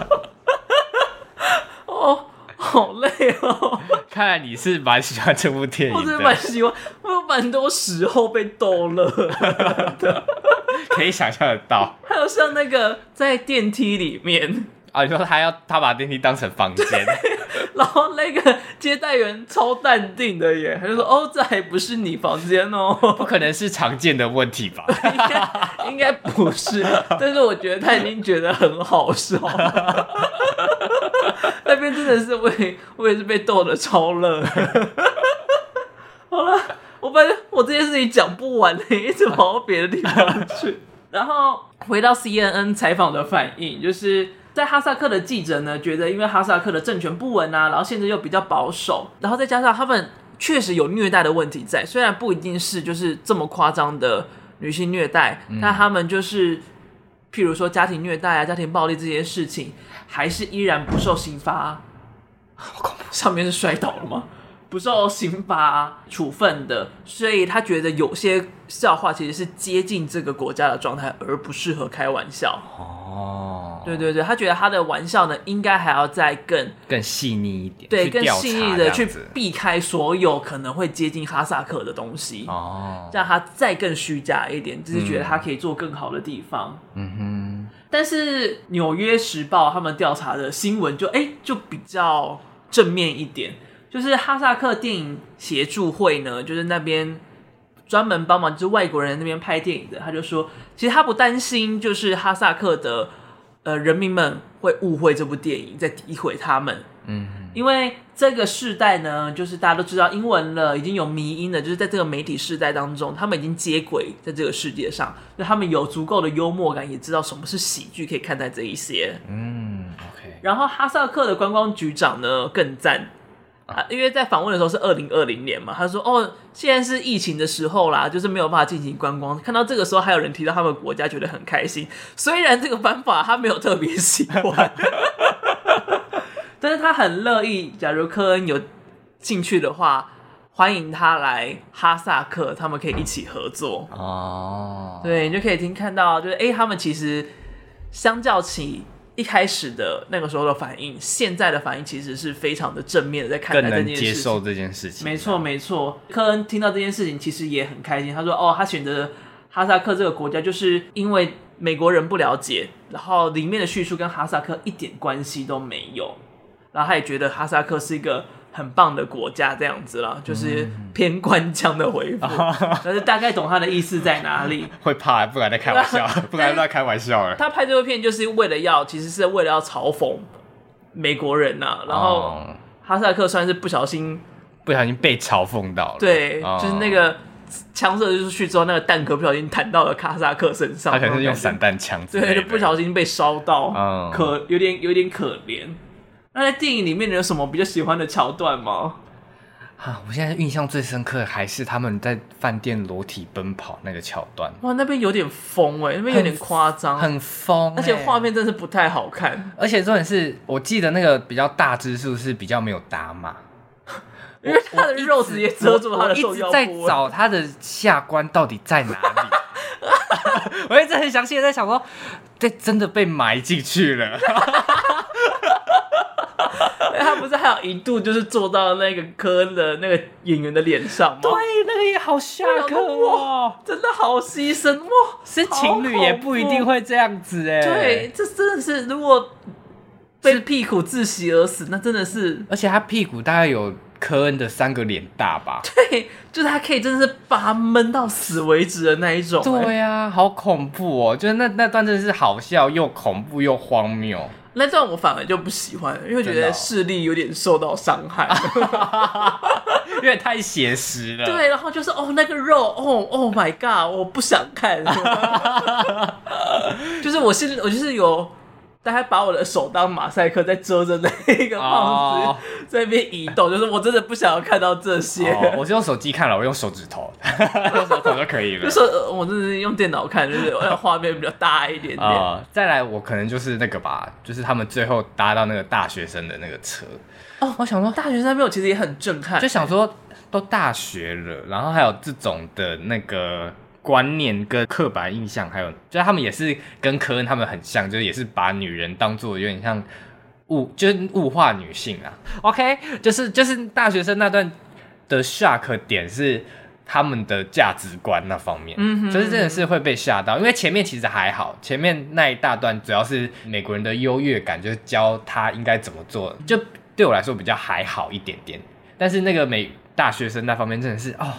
哦，好累哦。看來你是蠻喜歡這部電影，我真蠻喜歡， 我蠻多時候被逗樂的， 可以想象得到。還有像那個在電梯裡面啊，哦，你說他要他把電梯當成房間。然後那個接待員超淡定的耶，他就說：“哦，這還不是你房間哦，不可能是常見的問題吧？ 應,該應該不是， 但是我覺得他已經覺得很好笑了。 那邊真的是我也，我也是被逗得超樂。 好了，我發現我這件事情講不完，一直跑到別的地方去。 然後回到 CNN 採訪的反應就是。”在哈薩克的記者呢，覺得因為哈薩克的政權不穩啊，然後現在又比較保守，然後再加上他們確實有虐待的問題在，雖然不一定是就是這麼誇張的女性虐待，嗯、但他們就是譬如說家庭虐待啊、家庭暴力這些事情，還是依然不受刑罰。好恐怖！上面是摔倒了嗎？不受刑罰、啊、處分的，所以他覺得有些笑話其實是接近這個國家的狀態，而不適合開玩笑。哦，對對對，他覺得他的玩笑呢，應該還要再更更細膩一點，對，更細膩的去避開所有可能會接近哈薩克的東西。哦，讓他再更虛假一點，就是覺得他可以做更好的地方。嗯哼，但是《紐約時報》他們調查的新聞就哎、欸，就比較正面一點。就是哈薩克電影協助會呢，就是那邊專門幫忙，就是外國人那邊拍電影的。他就說，其實他不擔心，就是哈薩克的呃人民們會誤會這部電影，在詆毀他們。嗯，因為這個世代呢，就是大家都知道英文了，已經有迷音了，就是在這個媒體世代當中，他們已經接軌在這個世界上，就他們有足夠的幽默感，也知道什麼是喜劇，可以看待這一些。嗯，OK。然後哈薩克的觀光局長呢，更讚。啊、因為在訪問的時候是二零二零年嘛，他說：“哦，現在是疫情的時候啦，就是沒有辦法進行觀光。看到這個時候，還有人提到他們國家，覺得很開心。雖然這個方法他沒有特別喜歡， 但是他很樂意。假如科恩有興趣的話，歡迎他來哈薩克，他們可以一起合作。哦、嗯，對，你就可以聽看到，就是哎、欸，他們其實相較起……一開始的那個時候的反應，現在的反應其實是非常的正面的，在看待這件事情。接受這件事情啊。沒錯，沒錯。科恩聽到這件事情其實也很開心，他說：“哦，他選擇哈薩克這個國家，就是因為美國人不了解，然後裡面的敘述跟哈薩克一點關係都沒有，然後他也覺得哈薩克是一個。”很棒的國家這樣子啦，就是偏官腔的回復，嗯，但是大概懂他的意思在哪裡。 會怕、欸，不敢再開玩笑，啊、不敢再開玩笑了。 他拍這部片就是為了要，其實是為了要嘲諷美國人吶、啊。然後哈薩克算是不小心，不小心被嘲諷到了。對，嗯，就是那個槍射就是去之後，那個彈殼不小心彈到了卡薩克身上，他可能是用散彈槍，對，就不小心被燒到，嗯、可有點有點可憐。那在電影裡面你有什麼比較喜歡的橋段嗎、啊？我現在印象最深刻的還是他們在飯店裸體奔跑那個橋段。哇，那邊有點瘋哎、欸，那邊有點誇張，很瘋、欸，而且畫面真的是不太好看。而且重點是我記得那個比較大只數是比較沒有打碼，因為他的肉直接遮住了，一直，一直在找他的下關到底在哪裡。 我一直很詳細的在想說，這真的被埋進去了。 他不是還有一度就是坐到那個科恩的那個演員的臉上嗎？ 對，那個也好嚇人哇、哦！真的好犧牲哇！其實情侶也不一定會這樣子哎。對，這真的是如果被屁股窒息而死，那真的是……而且他屁股大概有科恩的三個臉大吧？對，就是他可以真的是把他悶到死為止的那一種。對呀、啊，好恐怖哦！就是那那段真的是好笑又恐怖又荒謬。那這樣我反而就不喜歡，因為覺得視力有點受到傷害，有點、哦、 太寫實了。對，然後就是哦，那個肉，哦，Oh my god，我不想看， 就是我是我就是有。他還把我的手當馬賽克在遮着，那一個胖子在那邊移動，就是我真的不想要看到這些。Oh, 我就用手機看了，我用手指頭， 用手指頭就可以了。 就是我真是用電腦看，就是我畫面比較大一點點。Oh, 再來，我可能就是那個吧，就是他們最後搭到那個大學生的那個車。Oh, 我想說，大學生那邊我其實也很震撼，就想說都大學了，然後還有這種的那個。觀念跟刻板印象，還有就是他們也是跟科恩他們很像，就是也是把女人當做有點像物，就是物化女性啊。OK，就是就是大學生那段的 shock 點是他們的價值觀那方面，嗯，哼嗯哼，就是真的是會被嚇到，因為前面其實還好，前面那一大段主要是美國人的優越感，就是教他應該怎麼做，就對我來說比較還好一點點，但是那個美大學生那方面真的是哦。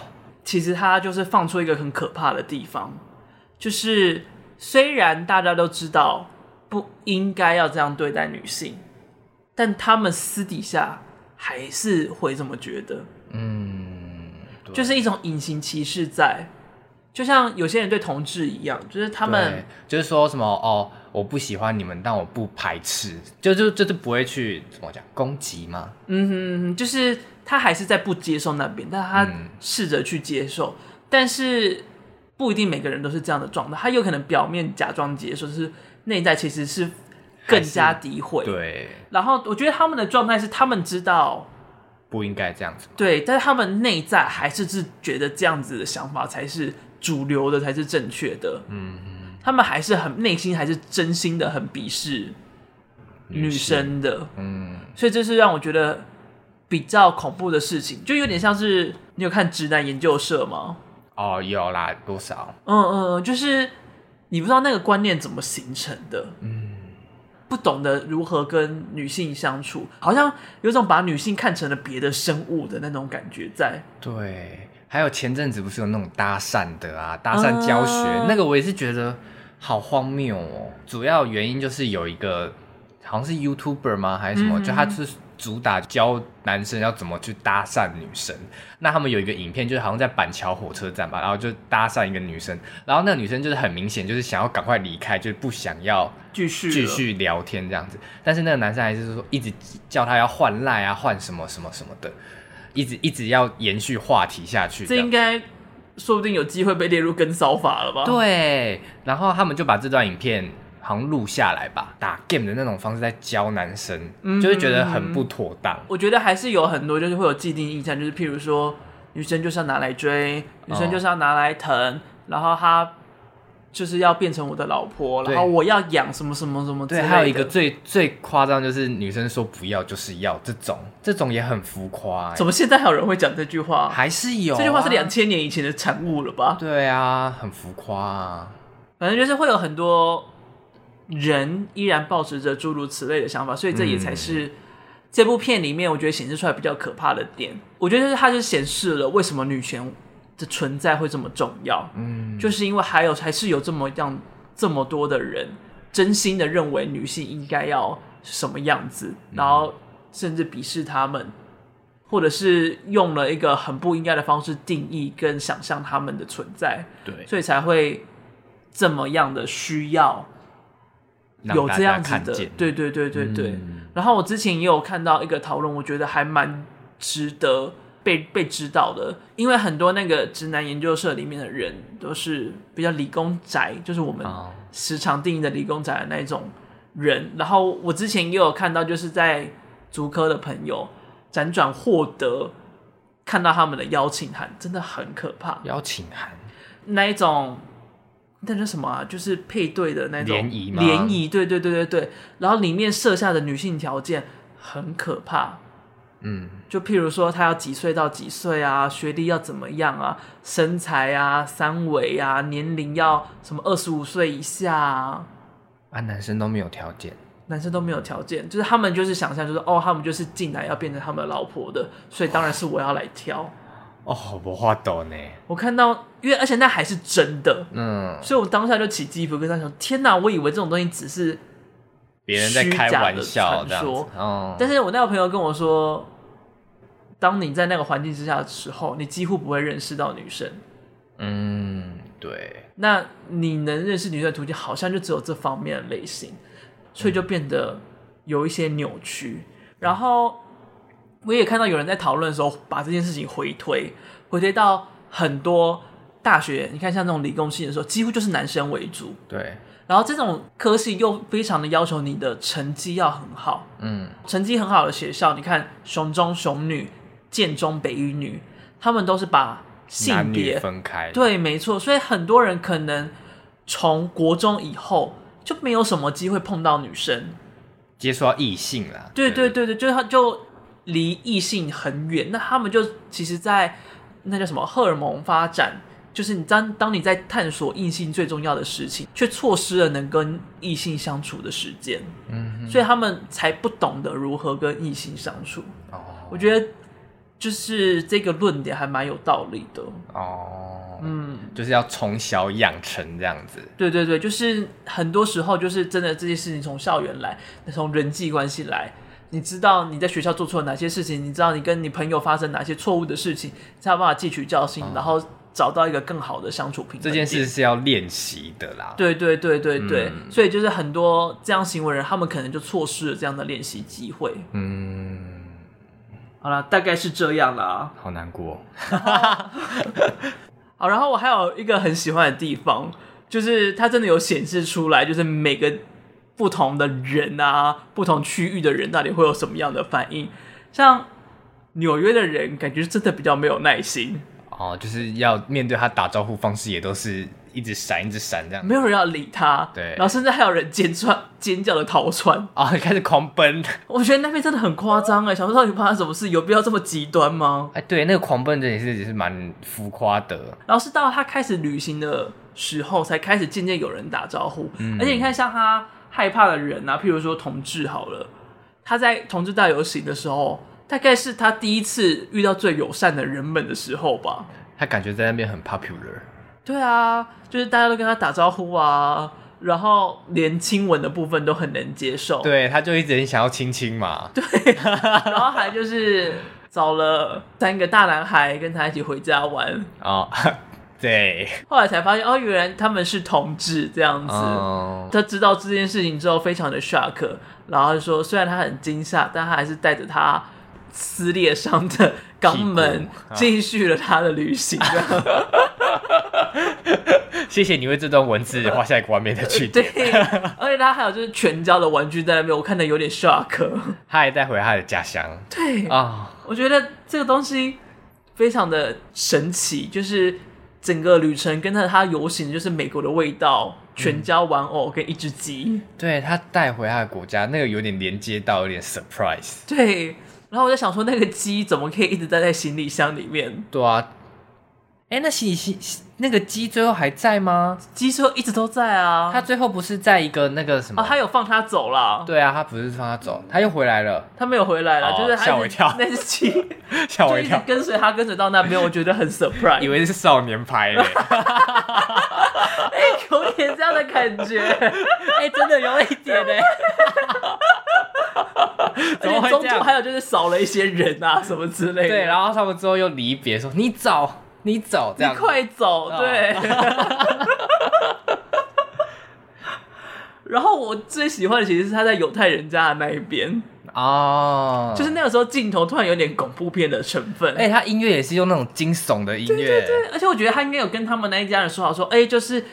其實他就是放出一個很可怕的地方，就是雖然大家都知道不應該要這樣對待女性，但他們私底下還是會這麼覺得，嗯，就是一種隱形歧視在，就像有些人對同志一樣，就是他們就是說什麼哦，我不喜歡你們，但我不排斥，就就就是不會去怎麼講攻擊嘛，嗯哼，就是。他還是在不接受那邊，但他試着去接受、嗯，但是不一定每個人都是這樣的狀態。他有可能表面假裝接受是，是內在其實是更加詆毀。對。然後我覺得他們的狀態是，他們知道不應該這樣子。對，但是他們內在還是是覺得這樣子的想法才是主流的，才是正確的。嗯嗯。他們還是很內心還是真心的很鄙視女生的女性。嗯。所以這是讓我覺得。比較恐怖的事情，就有點像是你有看《直男研究社》嗎？哦，有啦，多少？嗯嗯，就是你不知道那個觀念怎麼形成的，嗯，不懂得如何跟女性相處，好像有種把女性看成了別的生物的那種感覺在。對，還有前陣子不是有那種搭訕的啊，搭訕教學、嗯、那個，我也是覺得好荒謬哦。主要原因就是有一個好像是 YouTuber 嗎，還是什麼？嗯嗯，就他是。主打教男生要怎麼去搭訕女生。那他們有一個影片，就是好像在板橋火車站吧，然後就搭訕一個女生，然後那個女生就是很明顯就是想要趕快離開，就是不想要繼續繼續聊天這樣子。但是那個男生還是說一直叫他要換賴啊，換什麼什麼什麼的，一直一直要延續話題下去這。這應該說不定有機會被列入跟騷法了吧？對。然後他們就把這段影片。錄下來吧，打 game 的那種方式在教男生、嗯，就是覺得很不妥當。我覺得還是有很多，就是會有既定印象，就是譬如說，女生就是要拿來追，女生就是要拿來疼，哦，然後她就是要變成我的老婆，然後我要養什麼什麼什麼。對，還有一個最最誇張，就是女生說不要就是要這種，這種也很浮誇。怎麼現在還有人會講這句話？還是有，啊，這句話是兩千年以前的產物了吧？對啊，很浮誇啊。反正就是會有很多人依然抱持着諸如此類的想法，所以這也才是這部片裡面我覺得顯示出來比較可怕的點。嗯，我覺得它就顯示了為什麼女權的存在會這麼重要。嗯，就是因為還有還是有這麼樣這麼多的人，真心的認為女性應該要什麼樣子，嗯，然後甚至鄙視他們，或者是用了一個很不應該的方式定義跟想象他們的存在。對，所以才會這麼樣的需要。有這樣子的，對對對對對，對。嗯，然後我之前也有看到一個討論，我覺得還蠻值得被被指導的，因為很多那個直男研究社裡面的人都是比較理工宅，就是我們時常定義的理工宅的那一種人。然後我之前也有看到，就是在足科的朋友輾轉獲得看到他們的邀請函，真的很可怕。邀請函，那一種。但是什麼啊？就是配對的那種聯誼嘛。聯誼，對對對對對。然後裡面設下的女性條件很可怕，嗯，就譬如說她要幾歲到幾歲啊，學歷要怎麼樣啊，身材啊，三圍啊，年齡要什麼二十五歲以下啊。啊，男生都沒有條件，男生都沒有條件，就是他們就是想象就是哦，他們就是進來要變成他們老婆的，所以當然是我要來挑。哦，我法懂呢。我看到，因為而且那還是真的，嗯，所以我當下就起雞皮，跟他說：“天哪、啊，我以為這種東西只是別人在開玩笑說。哦”但是，我那個朋友跟我說：“當你在那個環境之下的時候，你幾乎不會認識到女生。”嗯，對。那你能認識女生的途徑，好像就只有這方面的類型，所以就變得有一些扭曲，嗯、然後。我也看到有人在討論的時候，把這件事情回推回推到很多大學。你看，像這種理工系的時候，幾乎就是男生為主。對。然後這種科系又非常的要求你的成績要很好。嗯。成績很好的學校，你看，雄中雄女，建中北一女，他們都是把性別分開。對，沒錯。所以很多人可能從國中以後就沒有什麼機會碰到女生，接觸到異性了。對對對對，就他就。離異性很遠，那他們就其實在，在那叫什麼荷爾蒙發展，就是你當當你在探索異性最重要的事情，卻錯失了能跟異性相處的時間，嗯哼，所以他們才不懂得如何跟異性相處。哦，我覺得就是這個論點還蠻有道理的。哦，嗯，就是要從小養成這樣子。對對對，就是很多時候就是真的這些事情從校園來，從人際關係來。你知道你在學校做錯了哪些事情？你知道你跟你朋友發生哪些錯誤的事情，你才有辦法汲取教訓，哦，然後找到一個更好的相處平台。這件事是要練習的啦。對對對對對，嗯，所以就是很多這樣行為人，他們可能就錯失了這樣的練習機會。嗯，好啦，大概是這樣啦，好難過。 好，然後我還有一個很喜歡的地方，就是它真的有顯示出來，就是每個。不同的人啊，不同區域的人到底會有什麼樣的反應？像紐約的人，感覺真的比較沒有耐心哦，就是要面對他打招呼方式也都是一直閃一直閃這樣，沒有人要理他。對，然後甚至還有人尖叫尖叫的逃竄啊、哦，開始狂奔。我覺得那邊真的很誇張哎，想說到底發生什麼事，有必要這麼極端嗎？哎，對，那個狂奔真的是也是蠻浮誇的。然後是到他開始旅行的時候，才開始漸漸有人打招呼、嗯，而且你看像他。害怕的人啊，譬如說同志好了，他在同志大遊行的時候，大概是他第一次遇到最友善的人們的時候吧。他感覺在那邊很 popular。對啊，就是大家都跟他打招呼啊，然後連親吻的部分都很能接受。對，他就一直很想要親親嘛。對啊，然後還就是找了三個大男孩跟他一起回家玩啊。哦對，後來才發現哦，原來他們是同志這樣子，嗯。他知道這件事情之後，非常的 shock。然後他說，雖然他很驚嚇，但他還是帶着他撕裂傷的肛門，繼續了他的旅行。啊啊、 謝謝你為這段文字畫下一個完美的句點、嗯、對，而且他還有就是全家的玩具在那邊，我看的有點 shock。他還帶回他的家鄉。對啊、哦，我覺得這個東西非常的神奇，就是。整個旅程跟着他遊行的就是美國的味道，全家玩偶跟一只雞，嗯、對他帶回他的國家，那個有點連接到有點 surprise。對，然後我就想說，那個雞怎麼可以一直待在行李箱裡面？對啊，哎，那行李箱。那個雞最後還在嗎？雞最後一直都在啊。他最後不是在一個那個什麼？哦、啊，他有放他走了。對啊，他不是放他走，他又回來了。他沒有回來了，啊、就是他嚇我一跳。那隻雞嚇我一跳， 一跟隨他跟隨到那邊，我覺得很 surprise，以為是少年派、欸。哎、 欸，有點這樣的感覺，哎、 欸，真的有一點哎、欸。哈哈哈哈哈！中途還有就是少了一些人啊，什麼之類的。對，然後他們之後又離別，說你走。你走這樣，你快走，oh. 對。 然後我最喜歡的其實是他在猶太人家的那一邊哦，oh. 就是那個時候鏡頭突然有點恐怖片的成分。哎、欸，他音樂也是用那種驚悚的音樂，對，對，對，而且我覺得他應該有跟他們那一家人說好說，說、欸、哎，就是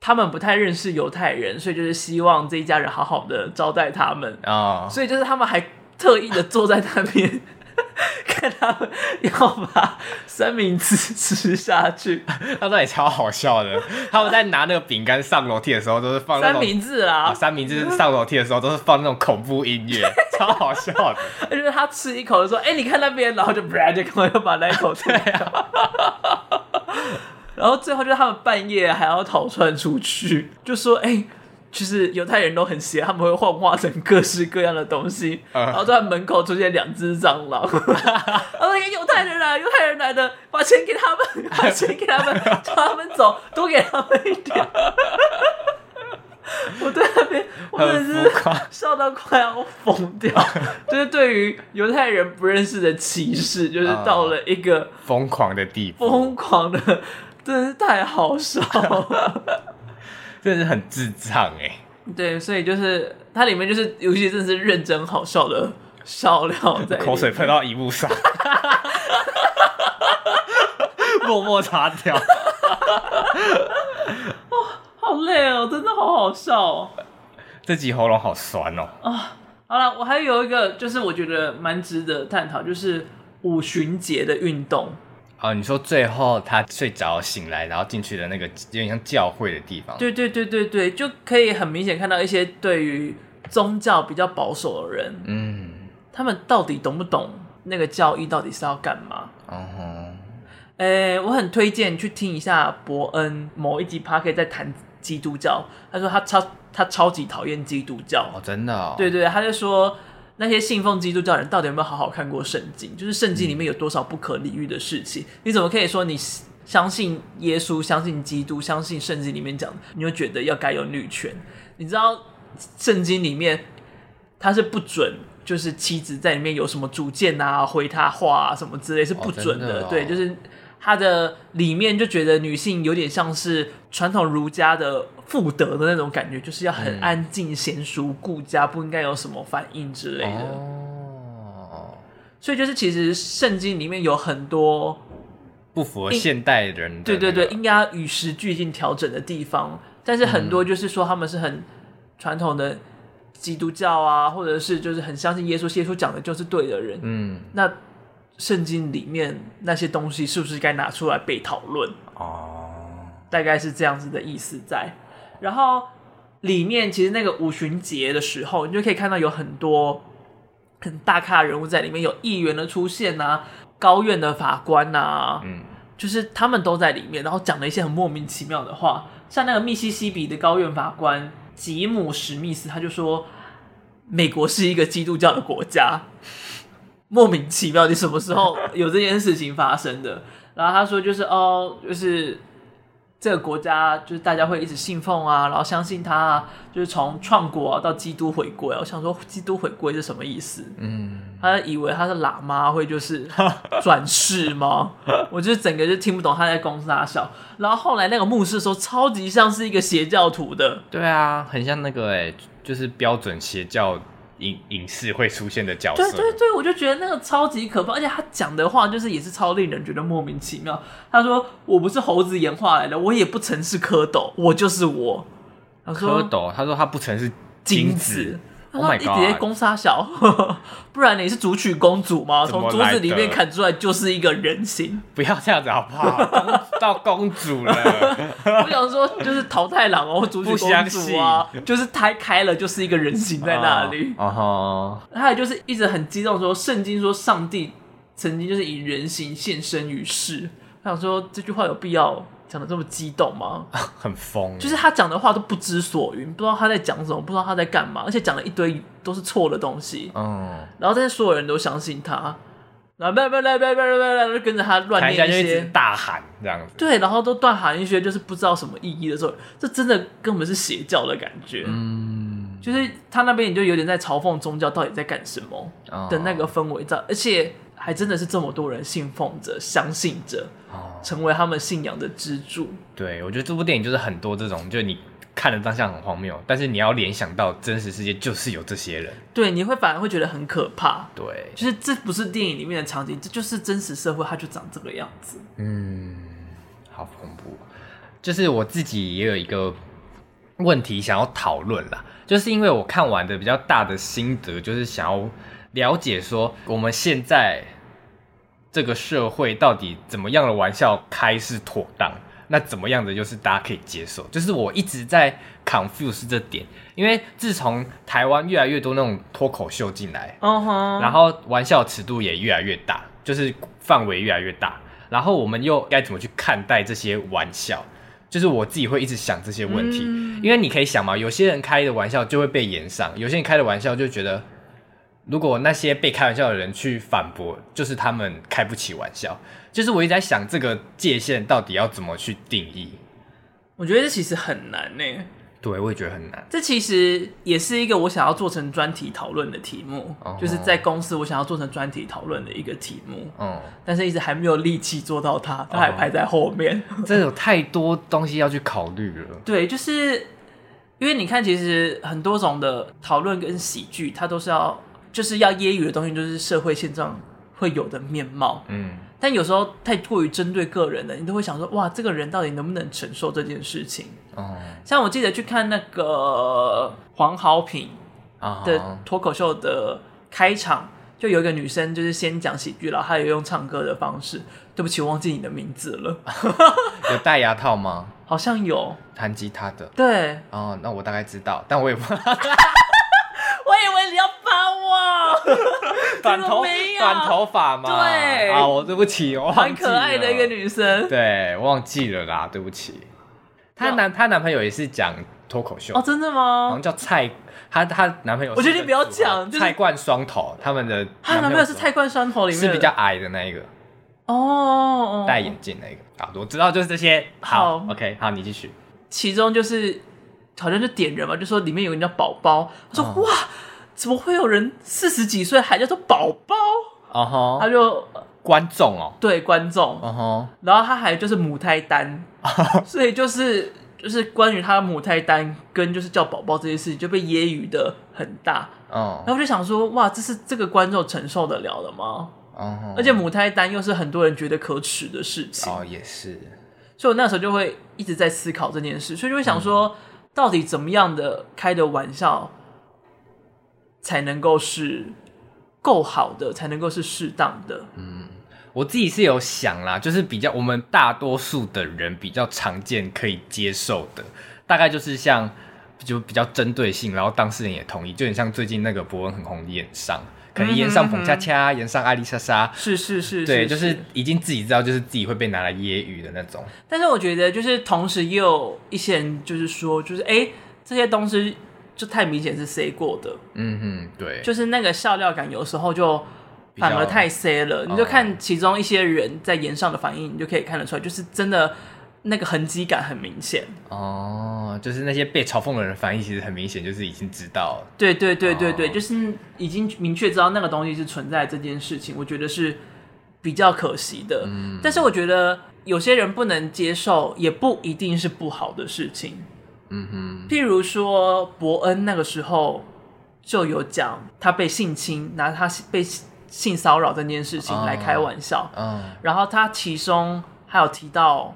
他們不太認識猶太人，所以就是希望這一家人好好的招待他們啊，oh. 所以就是他們還特意的坐在那邊。 看 他們要把三明治吃下去，那都也超好笑的。他們在拿那個餅乾上樓梯的時候，都是放三明治啦、哦，三明治上樓梯的時候都是放那種恐怖音樂， 超好笑的。就是他吃一口的時候，哎、欸，你看那邊，然後就突然就幹嘛又把那一口這、啊啊、 然後最後就是他們半夜還要逃竄出去，就說哎。欸就是猶太人都很邪，他們會幻化成各式各樣的東西，嗯、然後在門口出現兩隻蟑螂。哦、嗯，那給猶太人來，猶太人來的，把錢給他們，把錢給他們，嗯、叫他們走、嗯，多給他們一點。嗯、 我對那邊我也是笑到快要瘋掉，嗯、就是對於猶太人不認識的歧視，就是到了一個、嗯、瘋狂的地步，瘋狂的，真的是太好、嗯、笑了。真的是很智障哎、欸！對，所以就是它裡面就是有一些真的是認真好笑的笑料在，在口水噴到衣物上，默默擦掉。哇、 哦，好累哦，真的好好笑哦！這集喉嚨好酸哦。啊、哦，好了，我還有一個，就是我覺得蠻值得探討，就是五旬節的運動。好、哦，你說最後他睡着醒來，然後進去的那個有點像教會的地方。對對對對對，就可以很明顯看到一些對於宗教比較保守的人，嗯，他們到底懂不懂那個教義，到底是要幹嘛？哦、嗯，誒，我很推薦去聽一下伯恩某一集 Parker 在談基督教，他說他超他超級討厭基督教，哦，真的、哦，對對，他就說。那些信奉基督教人到底有沒有好好看過聖經？就是聖經裡面有多少不可理喻的事情？嗯、你怎麼可以說你相信耶穌、相信基督、相信聖經裡面講，你就覺得要該有女權？嗯、你知道聖經裡面他是不准，就是妻子在裡面有什麼主見啊、回他話啊，什麼之類是不准的，真的哦、對，就是。他的裡面就覺得女性有點像是傳統儒家的婦德的那種感覺，就是要很安靜、嫻、嗯、熟、顧家，不應該有什麼反應之類的。哦，所以就是其實聖經裡面有很多不符合現代人、那個、對對對，應該與時俱進調整的地方。但是很多就是說他們是很傳統的基督教啊、嗯，或者是就是很相信耶穌、耶穌講的就是對的人。嗯，那。聖經裡面那些東西是不是該拿出來被討論？哦，大概是這樣子的意思在。然後裡面其實那個五旬節的時候，你就可以看到有很多很大咖的人物在裡面，有議員的出現啊，高院的法官啊，就是他們都在裡面，然後講了一些很莫名其妙的話。像那個密西西比的高院法官吉姆史密斯，他就說美國是一個基督教的國家。莫名其妙，你什麼時候有這件事情發生的？然後他說就是哦，就是這個國家就是大家會一直信奉啊，然後相信他，就是從創國、啊、到基督回歸、啊。我想說，基督回歸是什麼意思？嗯，他以為他是喇嘛，會就是轉世嗎？ 我就整個就聽不懂他在講三小。然後後來那個牧師說，超級像是一個邪教徒的，對啊，很像那個哎、欸，就是標準邪教。影影視會出現的角色，對對對，我就覺得那個超級可怕，而且他講的話就是也是超令人覺得莫名其妙。他說：“我不是猴子演化來的，我也不曾是蝌蚪，我就是我。”他說：“蝌蚪，他說他不曾是精子。金子。”我的天！攻殺小，不然你是竹取公主嗎？從竹子裡面砍出來就是一個人形，不要這樣子好不好，好 怕到公主了。我 想說，就是桃太郎，哦，竹取公主啊，就是胎開了就是一個人形在那裡。哦、oh, oh, oh. 他也就是一直很激動說，聖經說上帝曾經就是以人形現身於世。他想說這句話有必要。講得這麼激動嗎？ 很瘋，就是他講的話都不知所云，不知道他在講什麼，不知道他在幹嘛，而且講了一堆都是錯的東西。Oh. 然後但是所有人都相信他，然後來來來來來跟着他亂念一些一直大喊這樣子。對，然後都斷喊一些就是不知道什麼意義的時候，這真的根本是邪教的感覺。嗯、mm.，就是他那邊也就有點在嘲諷宗教到底在幹什麼、oh. 的那個氛圍照而且。還真的是這麼多人信奉着、相信着、哦，成為他們信仰的支柱。對，我覺得這部電影就是很多這種，就你看的當下很荒謬，但是你要聯想到真實世界，就是有這些人。對，你會反而會覺得很可怕。對，就是這不是電影裡面的場景，這就是真實社會，它就長這個樣子。嗯，好恐怖。就是我自己也有一個問題想要討論啦，就是因為我看完的比較大的心得就是想要。了解說，我們現在這個社會到底怎麼樣的玩笑開是妥當？那怎麼樣的就是大家可以接受？就是我一直在 confuse 這點，因為自從台灣越來越多那種脫口秀進來，Uh-huh. 然後玩笑尺度也越來越大，就是範圍越來越大，然後我們又該怎麼去看待這些玩笑？就是我自己會一直想這些問題，嗯。因為你可以想嘛，有些人開的玩笑就會被炎上，有些人開的玩笑就覺得。如果那些被開玩笑的人去反駁，就是他們開不起玩笑。就是我一直在想，這個界限到底要怎麼去定義？我覺得這其實很難呢、欸。對，我也覺得很難。這其實也是一個我想要做成專題討論的題目，oh. 就是在公司我想要做成專題討論的一個題目。嗯、oh.，但是一直還沒有力氣做到它，它還排在後面。Oh. 這有太多東西要去考慮了。對，就是因為你看，其實很多種的討論跟喜劇，它都是要。就是要揶揄的東西，就是社會現狀會有的面貌。嗯，但有時候太過於針對個人了，你都會想說，哇，這個人到底能不能承受這件事情？哦、嗯，像我記得去看那個黃豪平的脫口秀的開場，嗯、就有一個女生，就是先講喜劇了，她有用唱歌的方式。對不起，我忘記你的名字了。 有戴牙套嗎？好像有彈吉他的。對。哦、嗯，那我大概知道，但我也不。 短頭、啊、短頭髮嗎？對啊，我對不起，我忘記了。很可愛的一個女生，對，我忘記了啦，對不起。她男她男朋友也是講脫口秀哦，真的嗎？好像叫蔡，她她男朋友。我覺得你不要講，蔡冠雙頭他們的她男，男朋友是蔡冠雙頭裡面是比較矮的那一個哦，戴眼鏡那個啊，我知道就是這些。好，好，OK，好，你繼續。其中就是好像就點人嘛，就說裡面有人叫寶寶，說、哦、哇。怎麼會有人四十幾歲還叫做寶寶？哦、uh -huh. 他就觀眾哦，對，觀眾，哦、uh -huh. 然後他還就是母胎單，uh -huh. 所以就是就是關於他母胎單跟就是叫寶寶這些事情就被揶揄的很大，哦、uh -huh.，然後我就想說，哇，這是這個觀眾承受得了的嗎？Uh -huh. 而且母胎單又是很多人覺得可恥的事情，哦，也是，所以我那時候就會一直在思考這件事，所以就會想說，uh -huh. 到底怎麼樣的開的玩笑？才能夠是夠好的，才能夠是適當的。嗯，我自己是有想啦，就是比較我們大多數的人比較常見可以接受的，大概就是像就比較針對性，然後當事人也同意，就很像最近那個博恩很紅的炎上、嗯，可能炎上彭恰恰，演、嗯、上艾莉莎莎，是是是,是，對，就是已經自己知道，就是自己會被拿來揶揄的那種。但是我覺得，就是同時也有一些人就是說，就是哎、欸，這些東西。就太明顯是塞過的，嗯嗯，對，就是那個笑料感有時候就反而太塞了。你就看其中一些人在演上的反應、哦，你就可以看得出來，就是真的那個痕跡感很明顯。哦，就是那些被嘲諷的人反應，其實很明顯，就是已經知道了對對對對對，哦、就是已經明確知道那個東西是存在這件事情，我覺得是比較可惜的。嗯、但是我覺得有些人不能接受，也不一定是不好的事情。嗯哼，譬如說伯恩那個時候就有講他被性侵，拿他被性騷擾這件事情來開玩笑。嗯、哦哦，然後他其中還有提到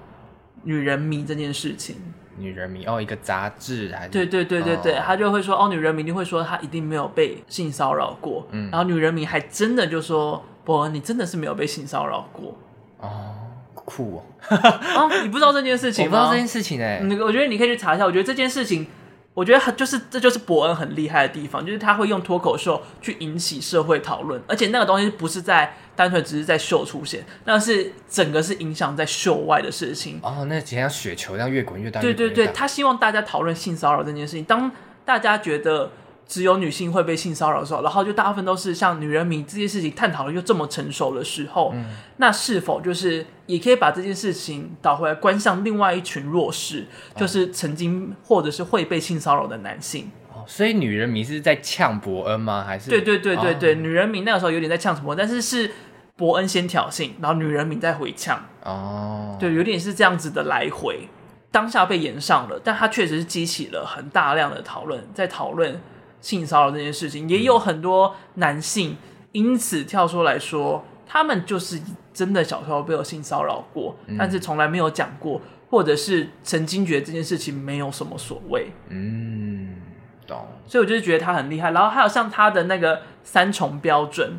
女人迷這件事情。女人迷哦，一個雜誌還是？對對對對對、哦，他就會說哦，女人迷一定會說他一定沒有被性騷擾過。嗯，然後女人迷還真的就說伯恩，你真的是沒有被性騷擾過。哦。酷哦， 哦！你不知道這件事情嗎？我不知道這件事情哎、欸。那個，我覺得你可以去查一下。我覺得這件事情，我覺得很就是這就是博恩很厲害的地方，就是他會用脫口秀去引起社會討論，而且那個東西不是在單純只是在秀出現，那是整個是影響在秀外的事情。哦，那就像雪球一樣越滾越大。對對對，他希望大家討論性騷擾這件事情，當大家覺得。只有女性會被性騷擾的時候，然後就大部分都是像“女人迷這件事情探討的，就這麼成熟的時候、嗯，那是否就是也可以把這件事情倒回來觀向另外一群弱勢、哦，就是曾經或者是會被性騷擾的男性？哦，所以“女人迷是在嗆伯恩嗎？還是對對對對對、哦，“女人迷那個時候有點在嗆什麼？但是是伯恩先挑釁，然後“女人迷再回嗆哦，對，有點是這樣子的來回。當下被炎上了，但它確實是激起了很大量的討論，在討論。性騷擾這件事情，也有很多男性、嗯、因此跳出來說，他們就是真的小時候被有性騷擾過、嗯，但是從來沒有講過，或者是曾經覺得這件事情沒有什麼所謂。嗯，懂。所以我就是覺得他很厲害。然後還有像他的那個三重標準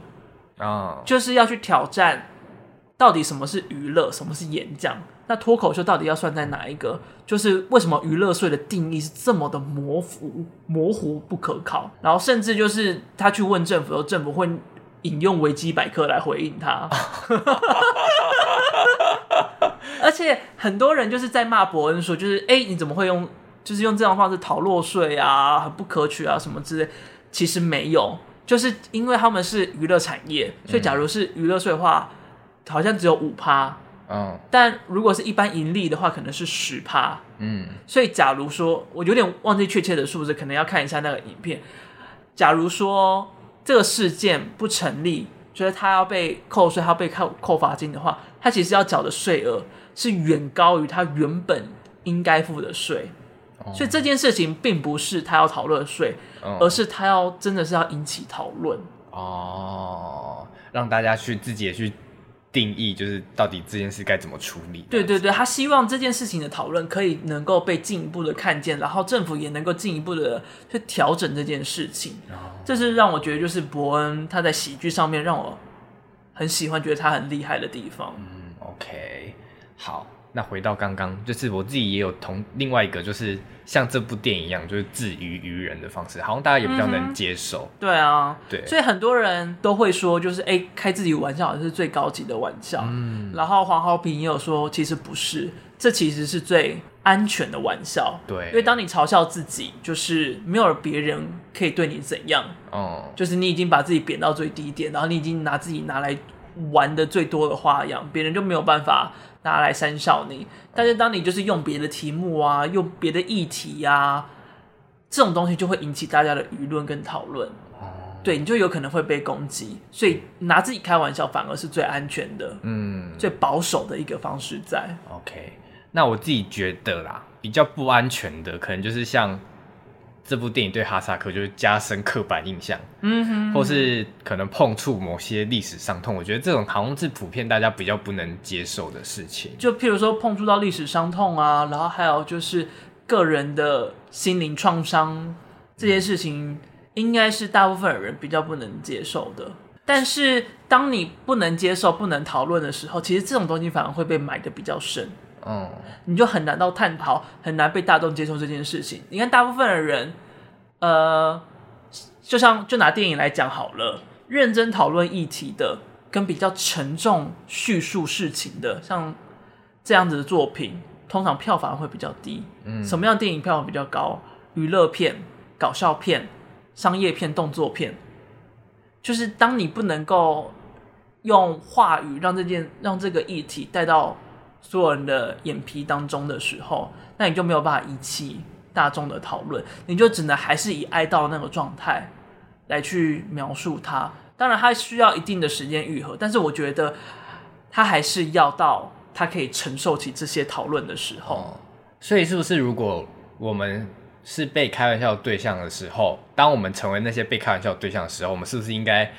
啊、哦，就是要去挑戰。到底什麼是娛樂？什麼是演講？那脫口秀到底要算在哪一個？就是為什麼娛樂稅的定義是這麼的模糊，模糊不可靠？然後甚至就是他去問政府，說政府會引用維基百科來回應他。 而且很多人就是在罵博恩說，就是哎，欸，你怎麼會用，就是用這種方式逃漏稅啊？很不可取啊，什麼之類的。其實沒有，就是因為他們是娛樂產業，所以假如是娛樂稅的話。嗯好像只有五趴，嗯，但如果是一般盈利的話，可能是十趴，嗯。所以，假如說我有點忘記確切的數字，可能要看一下那個影片。假如說這個事件不成立，覺得他要被扣稅，他要被扣扣罰金的話，他其實要繳的稅額是遠高於他原本應該付的稅。嗯，所以這件事情並不是他要討論稅，嗯，而是他要真的是要引起討論哦，讓大家去自己也去。定義就是到底這件事該怎麼處理？對對對，他希望這件事情的討論可以能夠被進一步的看見，然後政府也能夠進一步的去調整這件事情。Oh. 這是讓我覺得就是伯恩他在喜劇上面讓我很喜歡，覺得他很厲害的地方。嗯，mm，OK，好。那回到剛剛，就是我自己也有同另外一個，就是像這部電影一樣，就是自娛娛人的方式，好像大家也比較能接受。嗯、對啊，對，所以很多人都會說，就是哎、欸，開自己玩笑好像是最高級的玩笑。嗯，然後黃豪平也有說，其實不是，這其實是最安全的玩笑。對，因為當你嘲笑自己，就是沒有別人可以對你怎樣。哦、嗯，就是你已經把自己貶到最低點，然後你已經拿自己拿來。玩的最多的花樣，別人就沒有辦法拿來訕笑你。但是當你就是用別的題目啊，用別的議題呀、啊，這種東西就會引起大家的輿論跟討論、哦。對，你就有可能會被攻擊。所以拿自己開玩笑反而是最安全的，嗯，最保守的一個方式在。OK，那我自己覺得啦，比較不安全的可能就是像。這部電影對哈薩克就是加深刻板印象，嗯哼，或是可能碰觸某些歷史傷痛，嗯，我覺得這種好像是普遍大家比較不能接受的事情。就譬如說碰觸到歷史傷痛啊，然後還有就是個人的心靈創傷這些事情，應該是大部分人比較不能接受的，嗯。但是當你不能接受、不能討論的時候，其實這種東西反而會被埋得比較深。嗯、oh.，你就很難到探討，很難被大眾接受這件事情。你看，大部分的人，呃，就像就拿電影來講好了，認真討論議題,題的，跟比較沉重敘述事情的，像這樣子的作品，通常票房會比較低。嗯、mm.，什麼樣的電影票房比較高？娛樂片、搞笑片、商業片、動作片，就是當你不能夠用話語讓這件讓這個議題帶到。所有人的眼皮當中的時候，那你就沒有辦法引起大眾的討論，你就只能還是以哀悼那個狀態來去描述它。當然，它需要一定的時間癒合，但是我覺得它還是要到它可以承受起這些討論的時候。嗯，所以，是不是如果我們是被開玩笑對象的時候，當我們成為那些被開玩笑對象的時候，我們是不是應該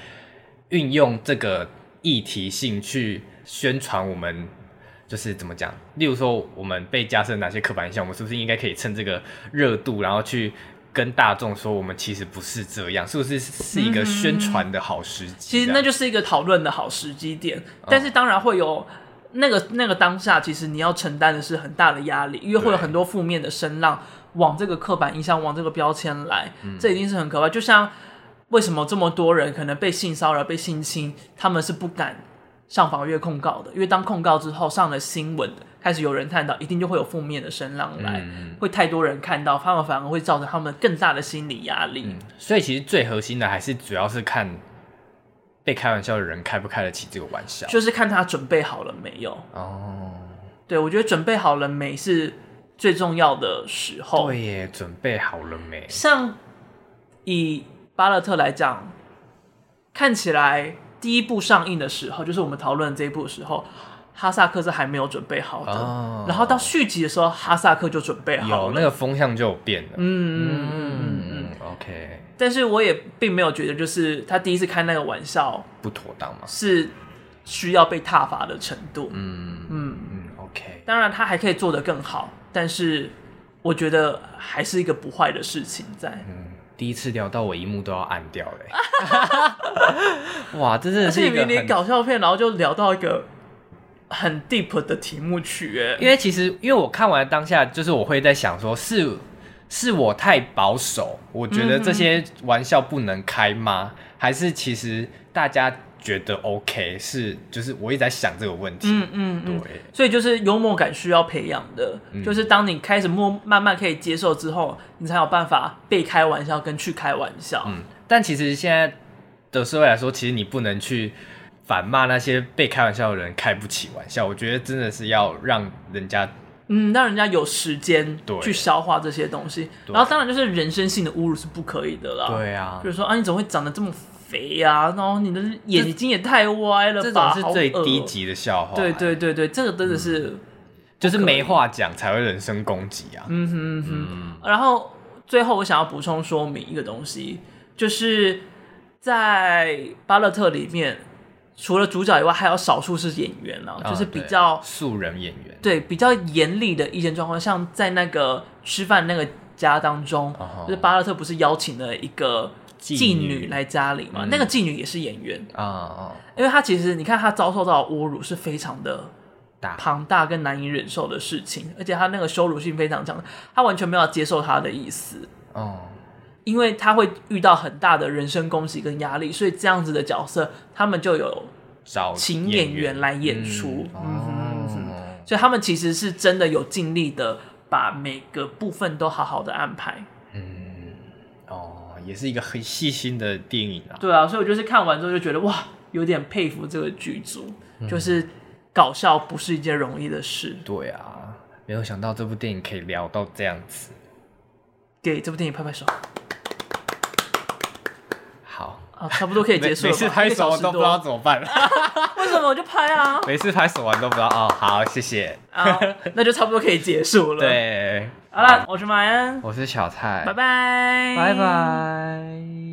運用這個議題性去宣傳我們？就是怎麼講？例如說，我們被加深哪些刻板印象？我們是不是應該可以趁這個熱度，然後去跟大眾說，我們其實不是這樣？是不是是一個宣傳的好時機，啊嗯？其實那就是一個討論的好時機點，嗯。但是當然會有那個那個當下，其實你要承擔的是很大的壓力，因為會有很多負面的聲浪往這個刻板印象，往這個標籤來，嗯，這一定是很可怕。就像為什麼這麼多人可能被性騷擾、被性侵，他們是不敢。上法院越控告的。因為當控告之後上了新聞，開始有人看到，一定就會有負面的聲浪來、嗯，會太多人看到，他們反而會造成他們更大的心理壓力、嗯。所以其實最核心的還是主要是看被開玩笑的人開不開得起這個玩笑，就是看他準備好了沒有。哦，對，我覺得準備好了沒是最重要的時候。對耶，準備好了沒？像以芭樂特來講，看起來。第一部上映的時候，就是我們討論的這一部的時候，哈薩克是還沒有準備好的、哦。然後到續集的時候，哈薩克就準備好了，有那個風向就變了。嗯嗯嗯嗯嗯，OK。但是我也並沒有覺得，就是他第一次開那個玩笑不妥當嘛，是需要被撻伐的程度。嗯嗯嗯，OK。當然他還可以做得更好，但是我覺得還是一個不壞的事情在。嗯第一次聊到我螢幕都要按掉嘞！ 哇，真的是一個……明明搞笑片，然後就聊到一個很 deep 的題目去。因為，其實，因為我看完當下，就是我會在想說，是是我太保守，我覺得這些玩笑不能開嗎？嗯、還是其實大家？覺得 OK，是就是我一直在想這個問題，嗯嗯，對，所以就是幽默感需要培養的，嗯，就是當你開始默慢慢可以接受之後，你才有辦法被開玩笑跟去開玩笑。嗯，但其實現在的社會來說，其實你不能去反罵那些被開玩笑的人開不起玩笑，我覺得真的是要讓人家，嗯，讓人家有時間去消化這些東西。然後當然就是人身性的侮辱是不可以的啦，對啊，就是說啊，你怎麼會長得這麼。哎呀、啊，然後你的眼睛也太歪了吧！這，這種是最低級的笑話。對對對對，這個真的是，嗯、就是沒話講才會人身攻擊啊。嗯哼哼。嗯、然後最後我想要補充說明一個東西，就是在《芭樂特》裡面，除了主角以外，還有少數是演員了、啊，就是比較、哦、素人演員。對，比較嚴厲的意見狀況，像在那個吃飯那個家當中，就是芭樂特不是邀請了一個。妓女，妓女來家裡嘛、嗯？那個妓女也是演員啊、嗯嗯嗯嗯，因為她其實你看她遭受到侮辱是非常的龐大跟難以忍受的事情，而且她那個羞辱性非常強，她完全沒有接受她的意思哦，因為她會遇到很大的人身攻擊跟壓力，所以這樣子的角色他們就有找請演員來演出，嗯，所以他們其實是真的有盡力的把每個部分都好好的安排。也是一個很細心的電影啊，對啊，所以我就是看完之後就覺得哇，有點佩服這個劇組、嗯，就是搞笑不是一件容易的事。對啊，沒有想到這部電影可以聊到這樣子，給這部電影拍拍手，好啊，差不多可以結束了。每，每次拍手完都不知道怎麼辦， 為什麼我就拍啊？每次拍手完都不知道哦，好，謝謝、啊，那就差不多可以結束了。對。好了，我是馬恩，我是小蔡，拜拜，拜拜。